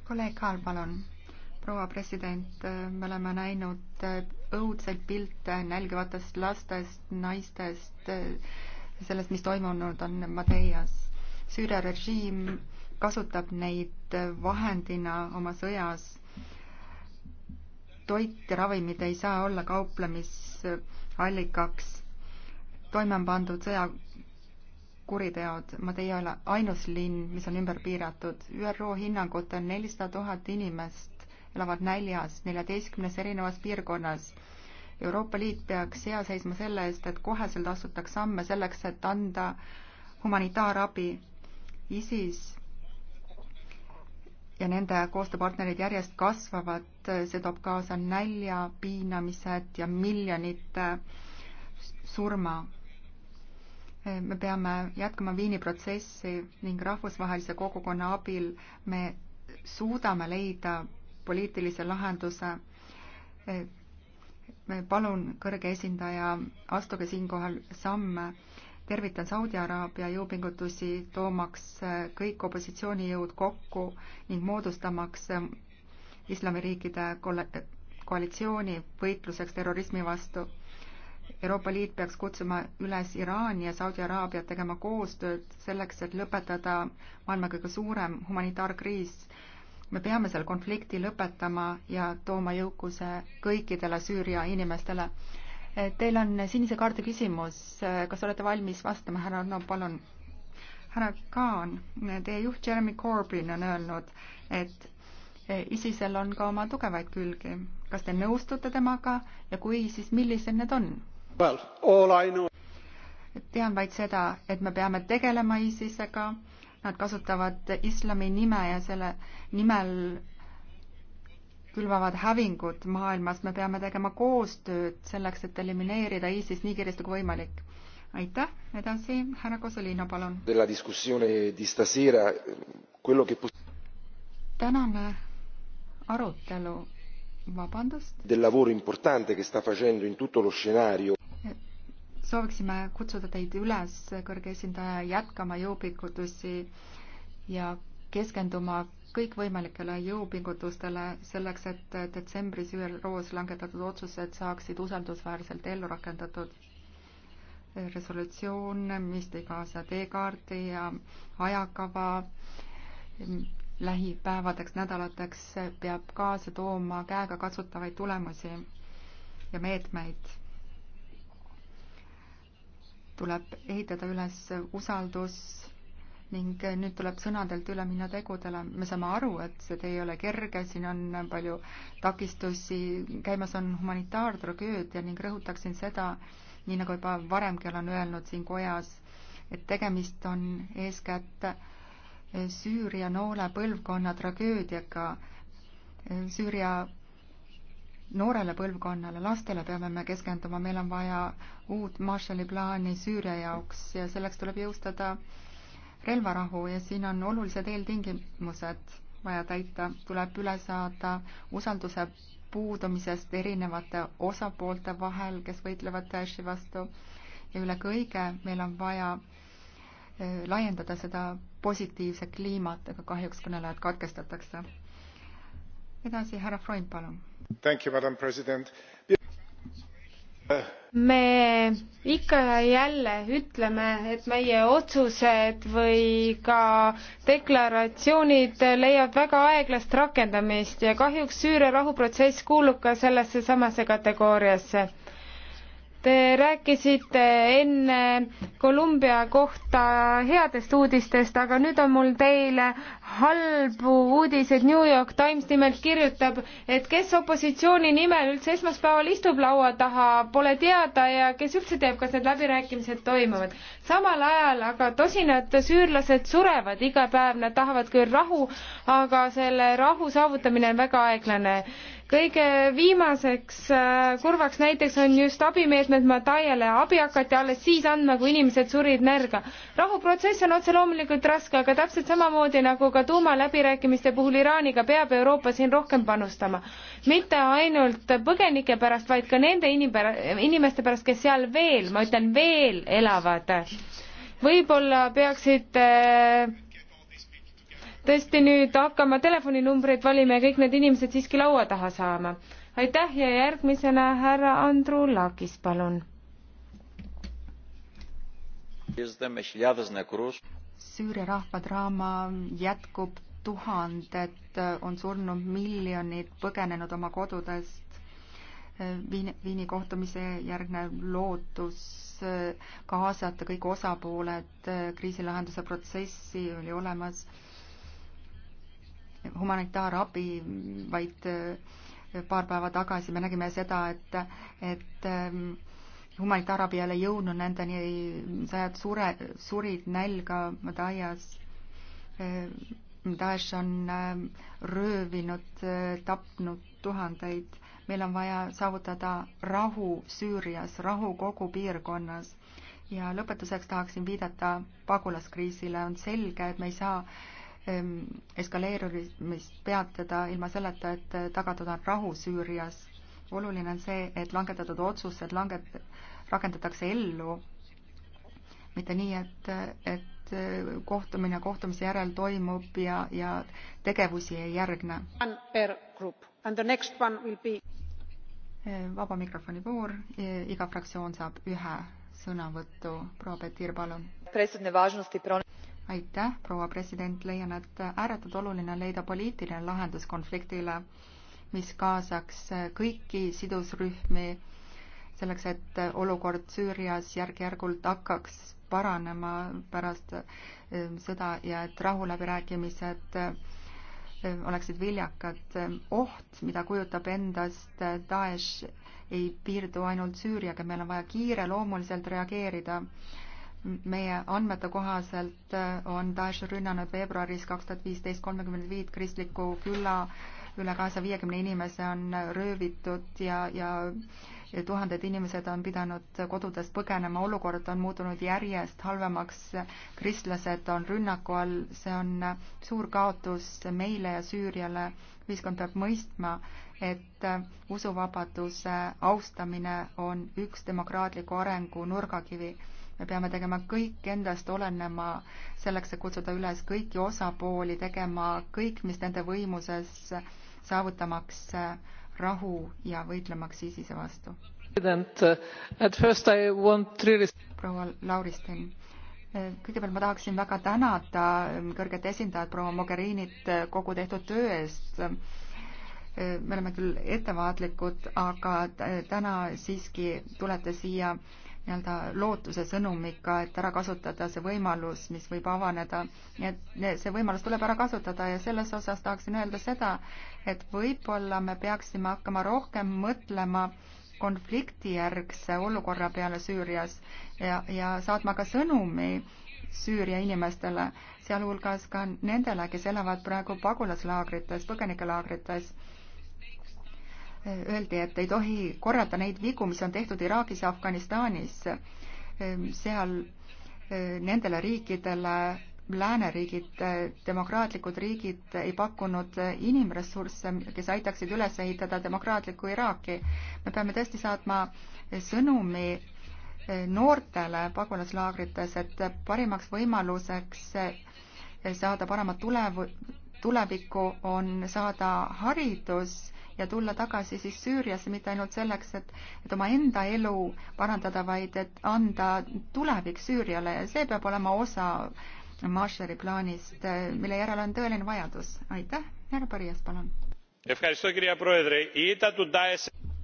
Speaker 6: kolleeg Kaal, palun proua president, äh, me oleme näinud äh, õudseid pilte nälgivatest lastest, naistest, sellest, mis toimunud on Madeias. Süüria režiim kasutab neid vahendina oma sõjas toit ja ravimid ei saa olla kauplemisallikaks. toime on pandud sõjakuriteod, Madeia ei ole ainus linn, mis on ümber piiratud. ÜRO hinnangutel nelisada tuhat inimest elavad näljas neljateistkümnes erinevas piirkonnas. Euroopa Liit peaks hea seisma selle eest, et koheselt astutaks samme selleks, et anda humanitaarabi. ISIS ja nende koostööpartnerid järjest kasvavad, see toob kaasa nälja, piinamised ja miljonite surma. me peame jätkama Viini protsessi ning rahvusvahelise kogukonna abil me suudame leida poliitilise lahenduse. palun, kõrge esindaja, astuge siinkohal samme tervitan Saudi Araabia jõupingutusi, toomaks äh, kõik opositsioonijõud kokku ning moodustamaks äh, islamiriikide koalitsiooni võitluseks terrorismi vastu. Euroopa Liit peaks kutsuma üles Iraani ja Saudi Araabiat tegema koostööd selleks, et lõpetada maailma kõige suurem humanitaarkriis. me peame selle konflikti lõpetama ja tooma jõukuse kõikidele Süüria inimestele Teil on sinise kaardi küsimus, kas olete valmis vastama, härra Arno, palun? härra Kaan, teie juht Jeremy Corbyn on öelnud, et ISISel on ka oma tugevaid külgi. kas te nõustute temaga ja kui, siis millised need on
Speaker 3: well,?
Speaker 6: tean vaid seda, et me peame tegelema ISISega, nad kasutavad islami nime ja selle nimel külvavad hävingut maailmas, me peame tegema koostööd selleks, et elimineerida ISIS nii kiiresti kui võimalik. aitäh, edasi härra Kosolino, palun. tänane arutelu, vabandust. sooviksime kutsuda teid üles, kõrge esindaja, jätkama jõupikutusi ja keskenduma kõikvõimalikele jõupingutustele selleks, et detsembris ÜRO-s langetatud otsused saaksid usaldusväärselt ellu rakendatud. resolutsioon, mis tõi kaasa teekaardi ja ajakava mm, lähipäevadeks, nädalateks, peab kaasa tooma käegakatsutavaid tulemusi ja meetmeid tuleb ehitada üles usaldus ning eh, nüüd tuleb sõnadelt üle minna tegudele. me saame aru, et see tee ei ole kerge, siin on palju takistusi, käimas on humanitaartragöödia ning rõhutaksin seda, nii nagu juba varemgi olen öelnud siin kojas, et tegemist on eeskätt eh, Süüria noole põlvkonna tragöödiaga. Eh, Süüria noorele põlvkonnale, lastele peame me keskenduma, meil on vaja uut Marshalli plaani Süüria jaoks ja selleks tuleb jõustada äh, relvarahu ja siin on olulised eeltingimused vaja täita, tuleb üle saada usalduse puudumisest erinevate osapoolte vahel, kes võitlevad Daeshi vastu ja üle kõige meil on vaja eh, laiendada seda positiivse kliimat, aga kahjuks kõnelejad katkestatakse. edasi härra Freund, palun me ikka ja jälle
Speaker 5: ütleme, et meie otsused või ka deklaratsioonid leiavad väga aeglast rakendamist ja kahjuks Süüria rahuprotsess kuulub ka sellesse samasse kategooriasse Te rääkisite enne Kolumbia kohta headest uudistest, aga nüüd on mul teile halbu uudiseid. New York Times nimelt kirjutab, et kes opositsiooni nimel üldse esmaspäeval istub laua taha, pole teada ja kes üldse teab, kas need läbirääkimised toimuvad. samal ajal aga tosinad süürlased surevad iga päev, nad tahavad küll rahu, aga selle rahu saavutamine on väga aeglane kõige viimaseks äh, kurvaks näiteks on just abimeetmed Mataiale, abi hakati alles siis andma, kui inimesed surid närga. rahuprotsess on otse loomulikult raske, aga täpselt samamoodi nagu ka tuumaläbirääkimiste puhul Iraaniga peab Euroopa siin rohkem panustama. mitte ainult põgenike pärast, vaid ka nende inimpär-, inimeste pärast, kes seal veel, ma ütlen veel elavad. võib-olla peaksid äh, tõesti nüüd hakkama telefoninumbreid valima ja kõik need inimesed siiski laua taha saama. aitäh ja järgmisena härra Andru Lakis, palun.
Speaker 6: Süüria rahvadraama jätkub, tuhanded on surnud, miljonid põgenenud oma kodudest. Viini, Viini kohtumise järgnev lootus kaasata kõik osapooled kriisilahenduse protsessi oli olemas humanitaarabi vaid eh, paar päeva tagasi, me nägime seda, et, et ehm, humanitaarabi ei ole jõudnud nendeni, sajad sure, surid nälga Madaias. Eh, Daesh on eh, röövinud, tapnud tuhandeid. meil on vaja saavutada rahu Süürias, rahu kogu piirkonnas ja lõpetuseks tahaksin viidata pagulaskriisile. on selge, et me ei saa Ähm, eskaleerumist peatada ilma selleta, et äh, tagatud on rahu Süürias. oluline on see, et langetatud otsused langet-, rakendatakse ellu, mitte nii, et, et äh, kohtumine kohtumise järel toimub ja, ja tegevusi ei järgne. Be... Äh, vaba mikrofoni voor, iga fraktsioon saab ühe sõnavõtu. proua Petir, palun aitäh, proua president, leian, et ääretult oluline on leida poliitiline lahendus konfliktile, mis kaasaks kõiki sidusrühmi selleks, et olukord Süürias järk-järgult hakkaks paranema pärast ähm, sõda ja et rahuläbirääkimised ähm, oleksid viljakad. oht, mida kujutab endast äh, Daesh, ei piirdu ainult Süüriaga, meil on vaja kiireloomuliselt reageerida meie andmete kohaselt äh, on Daesh rünnanud veebruaris kaks tuhat viisteist kolmekümmend viit kristliku küla üle kahesaja viiekümne inimese on röövitud ja, ja tuhanded inimesed on pidanud kodudest põgenema, olukord on muutunud järjest halvemaks, kristlased on rünnaku all, see on suur kaotus meile ja Süüriale, ühiskond peab mõistma, et äh, usuvabaduse austamine on üks demokraatliku arengu nurgakivi me peame tegema kõik endast olenema selleks, et kutsuda üles kõiki osapooli tegema kõik, mis nende võimuses, saavutamaks rahu ja võitlemaks ISISe vastu. proua Lauristin, kõigepealt ma tahaksin väga tänada kõrget esindajat proua Mogherinit kogu tehtud töö eest me oleme küll ettevaatlikud, aga täna siiski tulete siia nii-öelda lootuse sõnumiga, et ära kasutada see võimalus, mis võib avaneda. nii et see võimalus tuleb ära kasutada ja selles osas tahaksin öelda seda, et võib-olla me peaksime hakkama rohkem mõtlema konfliktijärgse olukorra peale Süürias ja, ja saatma ka sõnumi Süüria inimestele, sealhulgas ka nendele, kes elavad praegu pagulaslaagrites, põgenikelaagrites öeldi, et ei tohi korrata neid vigu, mis on tehtud Iraagis ja Afganistanis. Ehm, seal ehm, nendele riikidele lääneriigid, demokraatlikud riigid ei pakkunud inimressursse, kes aitaksid üles ehitada demokraatlikku Iraaki. me peame tõesti saatma sõnumi ehm, noortele pagulaslaagrites, et parimaks võimaluseks saada paremat tulev-, tulevikku on saada haridus ja tulla tagasi siis Süüriasse mitte ainult selleks, et, et omaenda elu parandada, vaid et anda tulevik Süüriale ja see peab olema osa Marshalli plaanist, mille järele on tõeline vajadus. aitäh, härra Põrias, palun.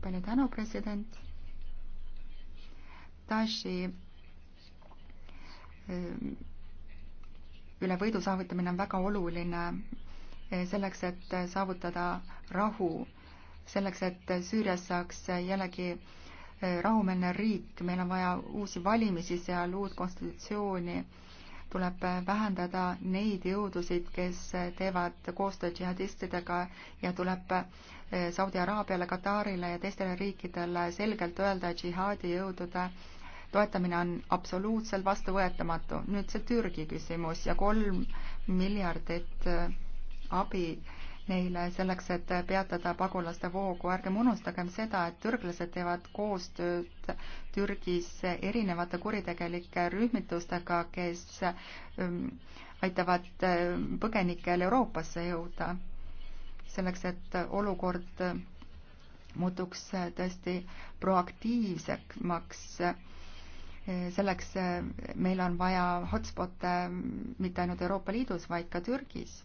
Speaker 6: palju tänu, president. Daeshi eh, üle võidu saavutamine on väga oluline eh, selleks, et saavutada rahu selleks, et Süürias saaks jällegi äh, rahumeelne riik, meil on vaja uusi valimisi seal, uut konstitutsiooni, tuleb äh, vähendada neid jõudusid, kes äh, teevad koostööd džihadistidega ja tuleb Saudi Araabiale, Katarile ja teistele riikidele selgelt öelda, et džihaadi jõudude toetamine on absoluutselt vastuvõetamatu. nüüd see Türgi küsimus ja kolm miljardit abi neile selleks, et peatada pagulaste voogu. ärgem unustagem seda, et türglased teevad koostööd Türgis erinevate kuritegelike rühmitustega, kes ähm, aitavad ähm, põgenikel Euroopasse jõuda. selleks, et olukord muutuks tõesti proaktiivsemaks selleks meil on vaja hotspot'e mitte ainult Euroopa Liidus, vaid ka Türgis.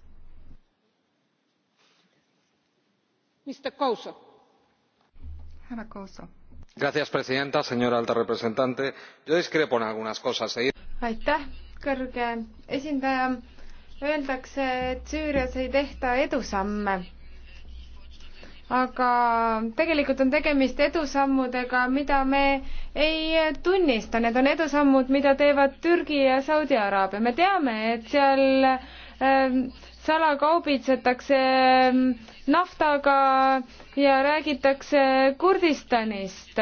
Speaker 6: señora
Speaker 1: presidenta señora alta representante yo discrepo en algunas cosas. ¿eh?
Speaker 5: aitäh kõrge esindaja! öeldakse et süürias ei tehta edusamme aga tegelikult on tegemist edusammudega mida me ei tunnista need on edusammud mida teevad türgi ja saudi araabia me teame et seal äh, salakaubitsetakse ehm, naftaga ja räägitakse Kurdistanist.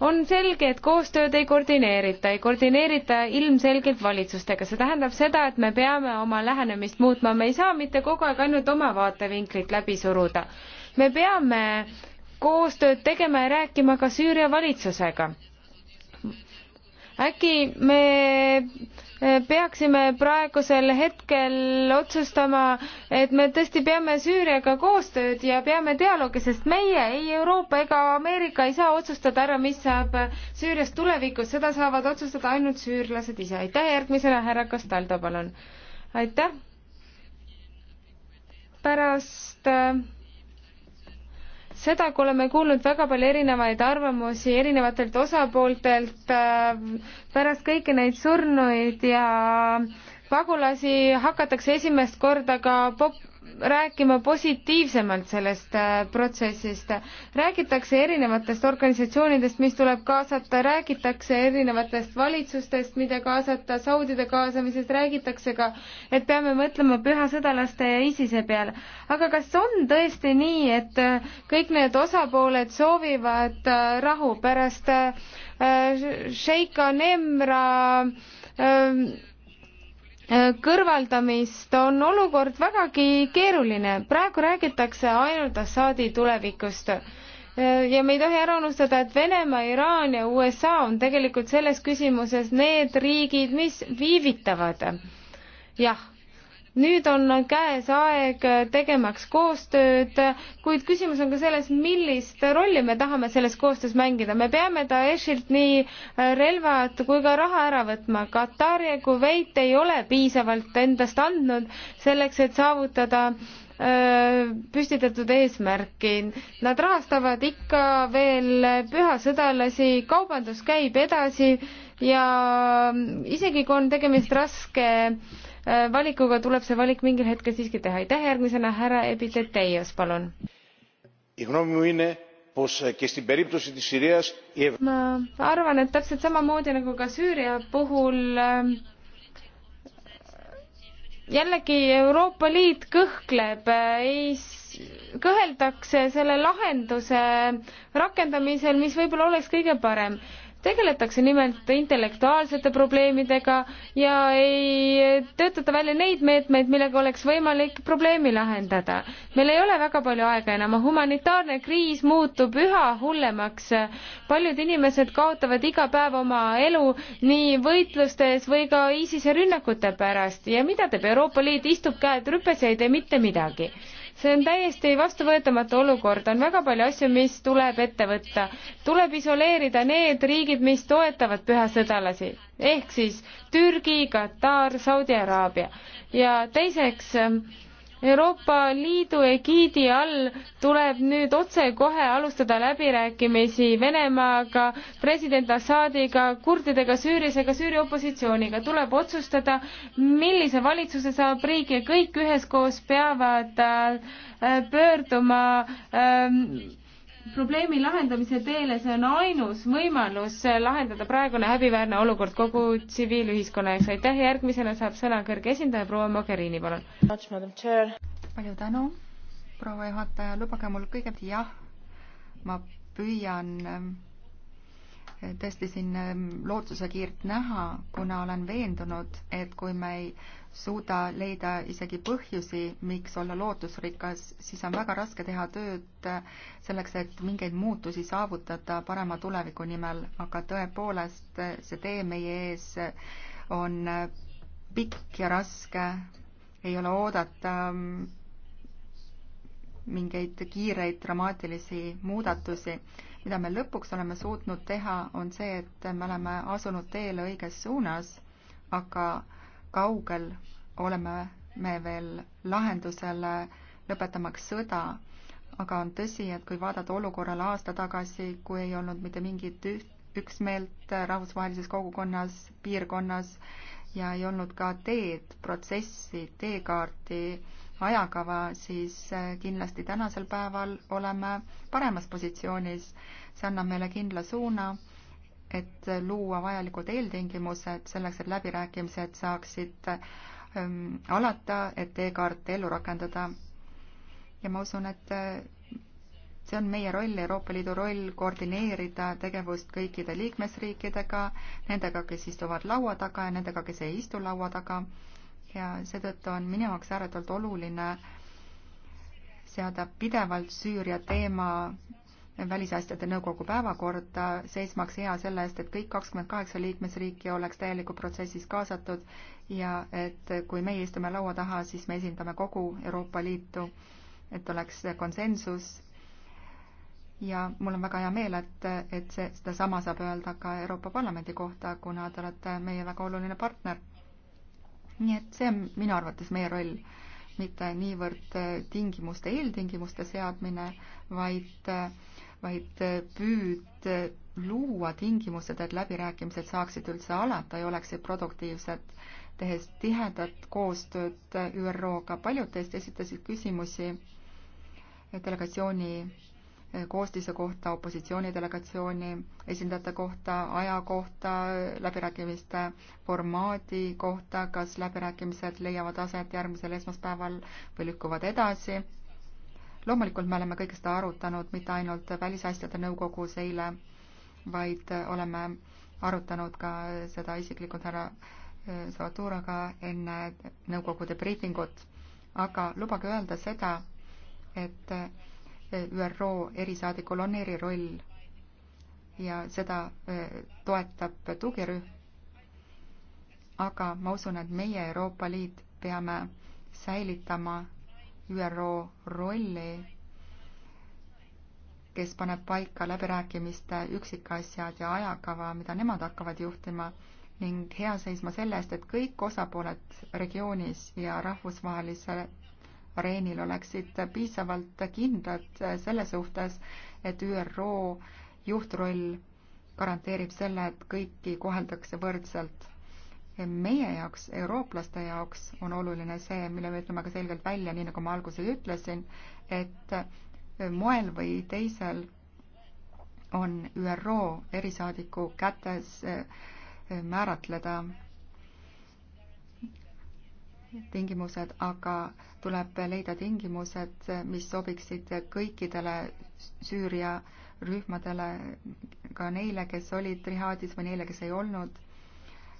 Speaker 5: on selge, et koostööd ei koordineerita, ei koordineerita ilmselgelt valitsustega, see tähendab seda, et me peame oma lähenemist muutma, me ei saa mitte kogu aeg ainult oma vaatevinklit läbi suruda. me peame koostööd tegema ja rääkima ka Süüria valitsusega. äkki me peaksime praegusel hetkel otsustama, et me tõesti peame Süüriaga koostööd ja peame dialoogi, sest meie, ei Euroopa ega Ameerika ei saa otsustada ära, mis saab Süüriast tulevikus, seda saavad otsustada ainult süürlased ise. aitäh, järgmisena härra Castaldo, palun. aitäh. pärast äh, seda, kui oleme kuulnud väga palju erinevaid arvamusi erinevatelt osapooltelt äh, pärast kõiki neid surnuid ja pagulasi hakatakse esimest korda ka pop-, rääkima positiivsemalt sellest äh, protsessist. räägitakse erinevatest organisatsioonidest, mis tuleb kaasata, räägitakse erinevatest valitsustest, mida kaasata, Saudide kaasamisest, räägitakse ka, et peame mõtlema pühasõdalaste ja ISISe peale. aga kas on tõesti nii, et äh, kõik need osapooled soovivad äh, rahu pärast Sheikha Nemra äh, ähm, Äh, kõrvaldamist, on olukord vägagi keeruline. praegu räägitakse ainult Assaadi tulevikust. Äh, ja me ei tohi ära unustada, et Venemaa, Iraan ja USA on tegelikult selles küsimuses need riigid, mis viivitavad. jah nüüd on käes aeg tegemaks koostööd, kuid küsimus on ka selles, millist rolli me tahame selles koostöös mängida. me peame Daeshilt nii äh, relvad kui ka raha ära võtma. Katar ja Kuveit ei ole piisavalt endast andnud selleks, et saavutada äh, püstitatud eesmärki. Nad rahastavad ikka veel pühasõdalasi, kaubandus käib edasi ja isegi kui on tegemist raske äh, Äh, valikuga tuleb see valik mingil hetkel siiski teha. aitäh, järgmisena härra Epiteteios, palun. Eh, ma arvan, et täpselt samamoodi nagu ka Süüria puhul äh, jällegi Euroopa Liit kõhkleb, äh, ei kõheldakse selle lahenduse rakendamisel, mis võib-olla oleks kõige parem tegeletakse nimelt intellektuaalsete probleemidega ja ei töötata välja neid meetmeid, millega oleks võimalik probleemi lahendada. meil ei ole väga palju aega enam, humanitaarne kriis muutub üha hullemaks. paljud inimesed kaotavad iga päev oma elu nii võitlustes või ka ISISe rünnakute pärast ja mida teeb Euroopa Liit, istub käed rüpes ja ei tee mitte midagi see on täiesti vastuvõetamatu olukord, on väga palju asju, mis tuleb ette võtta. tuleb isoleerida need riigid, mis toetavad pühasõdalasi, ehk siis Türgi, Katar, Saudi Araabia ja teiseks Euroopa Liidu egiidi all tuleb nüüd otsekohe alustada läbirääkimisi Venemaaga, president Assadiga, kurdidega Süürias ega Süüria opositsiooniga. tuleb otsustada, millise valitsuse saab riik ja kõik üheskoos peavad äh, pöörduma ähm, probleemi lahendamise teele, see on ainus võimalus lahendada praegune häbiväärne olukord kogu tsiviilühiskonna ees. aitäh, järgmisena saab sõna kõrge esindaja proua Mogherini, palun.
Speaker 6: palju tänu, proua juhataja, lubage mul kõigepealt jah, ma püüan eh, tõesti siin eh, lootuse kiirt näha, kuna olen veendunud, et kui me ei suuda leida isegi põhjusi, miks olla lootusrikas, siis on väga raske teha tööd selleks, et mingeid muutusi saavutada parema tuleviku nimel, aga tõepoolest see tee meie ees on pikk ja raske, ei ole oodata mingeid kiireid dramaatilisi muudatusi. mida me lõpuks oleme suutnud teha, on see, et me oleme asunud teele õiges suunas, aga kaugel oleme me veel lahendusele lõpetamaks sõda, aga on tõsi, et kui vaadata olukorrale aasta tagasi, kui ei olnud mitte mingit üht, üksmeelt rahvusvahelises kogukonnas, piirkonnas ja ei olnud ka teed, protsessi, teekaarti, ajakava, siis äh, kindlasti tänasel päeval oleme paremas positsioonis. see annab meile kindla suuna et luua vajalikud eeltingimused selleks, et läbirääkimised saaksid ähm, alata, et e-kaart ellu rakendada. ja ma usun, et äh, see on meie roll, Euroopa Liidu roll, koordineerida tegevust kõikide liikmesriikidega, nendega, kes istuvad laua taga ja nendega, kes ei istu laua taga. ja seetõttu on minu jaoks ääretult oluline seada pidevalt Süüria teema välisasjade nõukogu päevakorda, seismaks hea selle eest, et kõik kakskümmend kaheksa liikmesriiki oleks täielikult protsessis kaasatud ja et kui meie istume laua taha, siis me esindame kogu Euroopa Liitu, et oleks konsensus. ja mul on väga hea meel, et, et see, sedasama saab öelda ka Euroopa Parlamendi kohta, kuna te olete meie väga oluline partner. nii et see on minu arvates meie roll mitte niivõrd tingimuste, eeltingimuste seadmine, vaid äh, vaid äh, püüd äh, luua tingimused, et läbirääkimised saaksid üldse alata ja oleksid produktiivsed, tehes tihedat koostööd äh, ÜRO-ga. paljud teist esitasid küsimusi delegatsiooni koostise kohta, opositsioonidelegatsiooni esindajate kohta, aja kohta, läbirääkimiste formaadi kohta, kas läbirääkimised leiavad aset järgmisel esmaspäeval või lükkuvad edasi loomulikult me oleme kõike seda arutanud mitte ainult Välisasjade Nõukogus eile, vaid oleme arutanud ka seda isiklikult härra äh, Saaturaga enne nõukogude briifingut. aga lubage öelda seda, et äh, ÜRO erisaadikul on eriroll ja seda äh, toetab tugirühm. aga ma usun, et meie, Euroopa Liit, peame säilitama ÜRO rolli, kes paneb paika läbirääkimiste üksikasjad ja ajakava, mida nemad hakkavad juhtima ning hea seisma selle eest, et kõik osapooled regioonis ja rahvusvahelisel areenil oleksid piisavalt kindlad selle suhtes, et ÜRO juhtroll garanteerib selle, et kõiki koheldakse võrdselt meie jaoks, eurooplaste jaoks on oluline see, mille me ütleme ka selgelt välja, nii nagu ma alguses ütlesin, et e, moel või teisel on ÜRO erisaadiku kätes e, e, määratleda tingimused, aga tuleb leida tingimused, mis sobiksid kõikidele Süüria rühmadele, ka neile, kes olid rihaadis või neile, kes ei olnud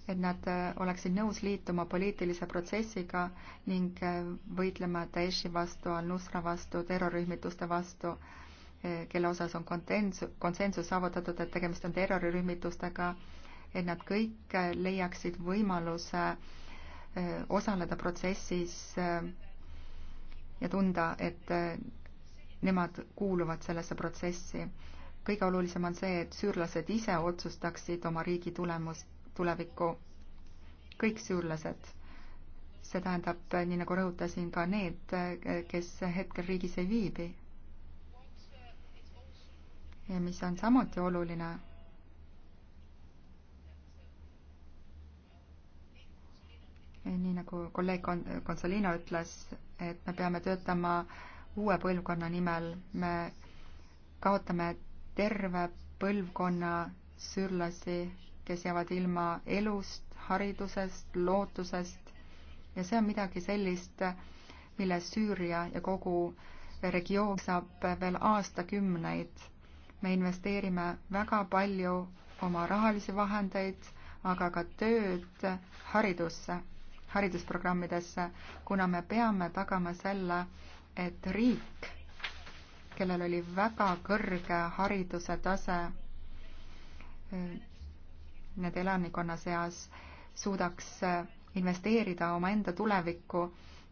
Speaker 6: et nad äh, oleksid nõus liituma poliitilise protsessiga ning äh, võitlema Daeshi vastu, Al-Nusra vastu, terrorirühmituste vastu, äh, kelle osas on konsensus, konsensus saavutatud, et tegemist on terrorirühmitustega, et nad kõik leiaksid võimaluse osaleda protsessis ja tunda, et nemad kuuluvad sellesse protsessi. kõige olulisem on see, et süürlased ise otsustaksid oma riigi tulemust tulevikku kõik siurlased. see tähendab, nii nagu rõhutasin, ka need, kes hetkel riigis ei viibi. ja mis on samuti oluline, nii nagu kolleeg Gonzalino ütles, et me peame töötama uue põlvkonna nimel, me kaotame terve põlvkonna sürlasi kes jäävad ilma elust, haridusest, lootusest ja see on midagi sellist, milles Süüria ja kogu regioon saab veel aastakümneid. me investeerime väga palju oma rahalisi vahendeid, aga ka tööd haridusse, haridusprogrammidesse, kuna me peame tagama selle, et riik, kellel oli väga kõrge hariduse tase, need elanikkonna seas suudaks äh, investeerida omaenda tulevikku.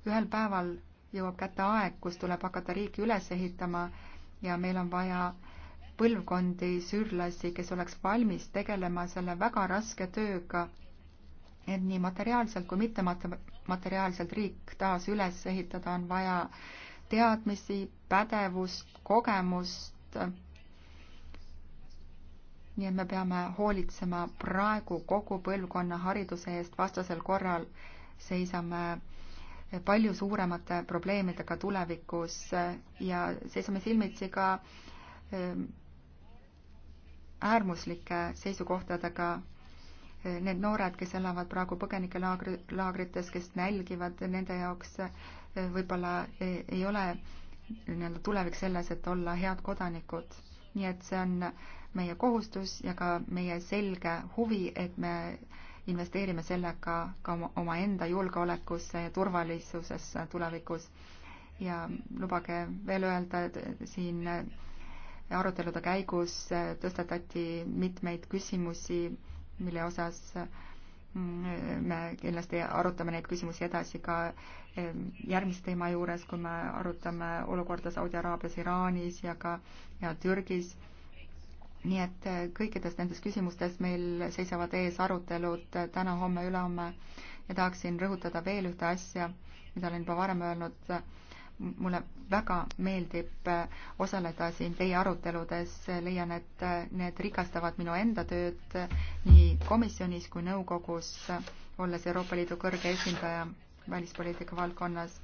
Speaker 6: ühel päeval jõuab kätte aeg, kus tuleb hakata riiki üles ehitama ja meil on vaja põlvkondi süürlasi, kes oleks valmis tegelema selle väga raske tööga, et nii materiaalselt kui mittemateriaalselt riik taas üles ehitada, on vaja teadmisi, pädevust, kogemust nii et me peame hoolitsema praegu kogu põlvkonna hariduse eest, vastasel korral seisame palju suuremate probleemidega tulevikus ja seisame silmitsi ka ähm, äärmuslike seisukohtadega. Need noored, kes elavad praegu põgenikelaagrites, kes nälgivad, nende jaoks äh, võib-olla äh, ei ole nii-öelda tulevik selles, et olla head kodanikud. nii et see on meie kohustus ja ka meie selge huvi, et me investeerime sellega ka omaenda julgeolekusse ja turvalisusesse tulevikus. ja lubage veel öelda, et siin arutelude käigus tõstatati mitmeid küsimusi, mille osas mm, me kindlasti arutame neid küsimusi edasi ka järgmise teema juures, kui me arutame olukorda Saudi Araabias, Iraanis ja ka ja Türgis nii et äh, kõikides nendes küsimustes meil seisavad ees arutelud äh, täna, homme, ülehomme ja tahaksin rõhutada veel ühte asja, mida olen juba varem öelnud. mulle väga meeldib äh, osaleda siin teie aruteludes, leian, et need rikastavad minu enda tööd nii komisjonis kui nõukogus, olles Euroopa Liidu kõrge esindaja välispoliitika valdkonnas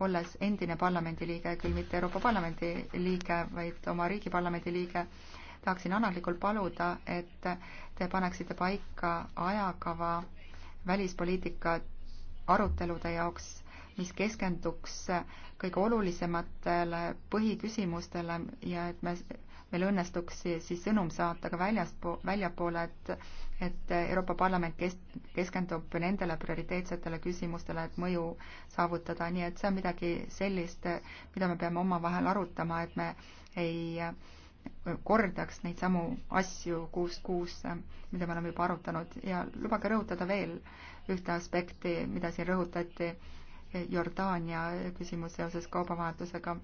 Speaker 6: olles endine parlamendiliige, küll mitte Euroopa Parlamendi liige, vaid oma riigi parlamendi liige, tahaksin annalikult paluda, et te paneksite paika ajakava välispoliitika arutelude jaoks, mis keskenduks kõige olulisematele põhiküsimustele ja et me, meil õnnestuks siis sõnum saata ka väljaspool, väljapoole, et, et Euroopa Parlament kes-, keskendub nendele prioriteetsetele küsimustele, et mõju saavutada, nii et see on midagi sellist, mida me peame omavahel arutama, et me ei äh, kordaks neid samu asju kuust kuusse, mida me oleme juba arutanud ja lubage rõhutada veel ühte aspekti, mida siin rõhutati Jordaania küsimus seoses kaubavahetusega.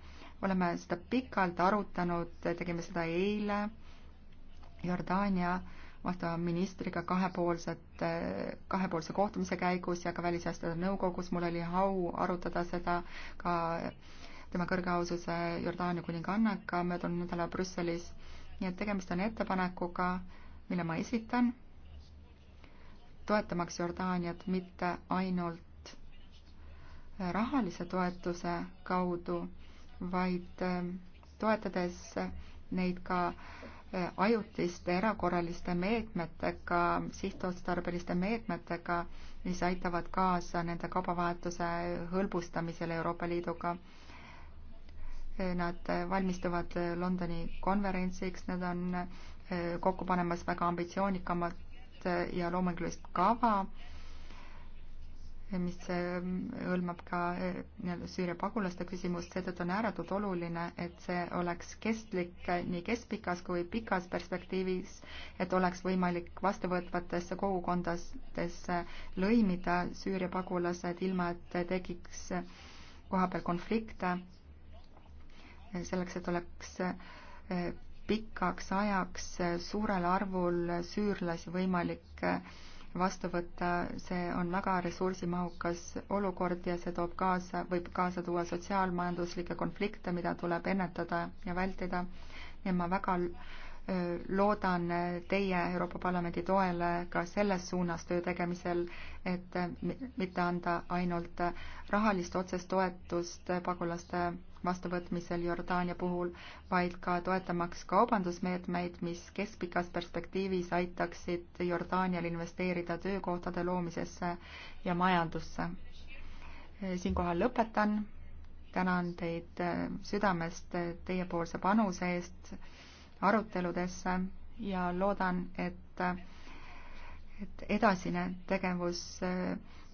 Speaker 6: oleme seda pikalt arutanud, tegime seda eile Jordaania vastava ministriga kahepoolset, kahepoolse kohtumise käigus ja ka välisasjade nõukogus. mul oli au arutada seda ka äh, tema kõrge aususe Jordaania kuningannaga möödunud nädala Brüsselis. nii et tegemist on ettepanekuga, mille ma esitan, toetamaks Jordaaniat mitte ainult äh, rahalise toetuse kaudu, vaid ähm, toetades neid ka äh, ajutiste erakorraliste meetmetega, sihtotstarbeliste meetmetega, mis aitavad kaasa nende kaubavahetuse hõlbustamisele Euroopa Liiduga nad valmistuvad Londoni konverentsiks, nad on äh, kokku panemas väga ambitsioonikamat äh, ja loomingulist kava, äh, mis hõlmab ka nii-öelda Süüria pagulaste küsimust, seetõttu on ääretult oluline, et see oleks kestlik nii keskpikas kui pikas perspektiivis, et oleks võimalik vastuvõtvatesse kogukondadesse lõimida Süüria pagulased, ilma et tekiks kohapeal konflikte selleks, et oleks eh, pikaks ajaks eh, suurel arvul süürlasi võimalik eh, vastu võtta, see on väga ressursimahukas olukord ja see toob kaasa, võib kaasa tuua sotsiaalmajanduslikke konflikte, mida tuleb ennetada ja vältida. ja ma väga loodan teie Euroopa Parlamendi toele ka selles suunas töö tegemisel, et mitte anda ainult rahalist otsest toetust pagulaste vastuvõtmisel Jordaania puhul, vaid ka toetamaks kaubandusmeetmeid, mis keskpikas perspektiivis aitaksid Jordaanial investeerida töökohtade loomisesse ja majandusse. siinkohal lõpetan, tänan teid südamest teiepoolse panuse eest aruteludesse ja loodan, et et edasine tegevus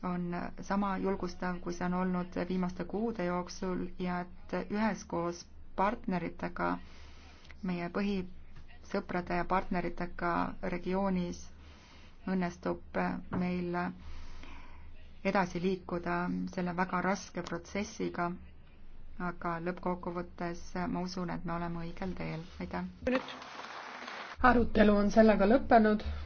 Speaker 6: on sama julgustav, kui see on olnud viimaste kuude jooksul ja et üheskoos partneritega, meie põhisõprade ja partneritega regioonis õnnestub meil edasi liikuda selle väga raske protsessiga. aga lõppkokkuvõttes ma usun, et me oleme õigel teel, aitäh.
Speaker 4: arutelu on sellega lõppenud.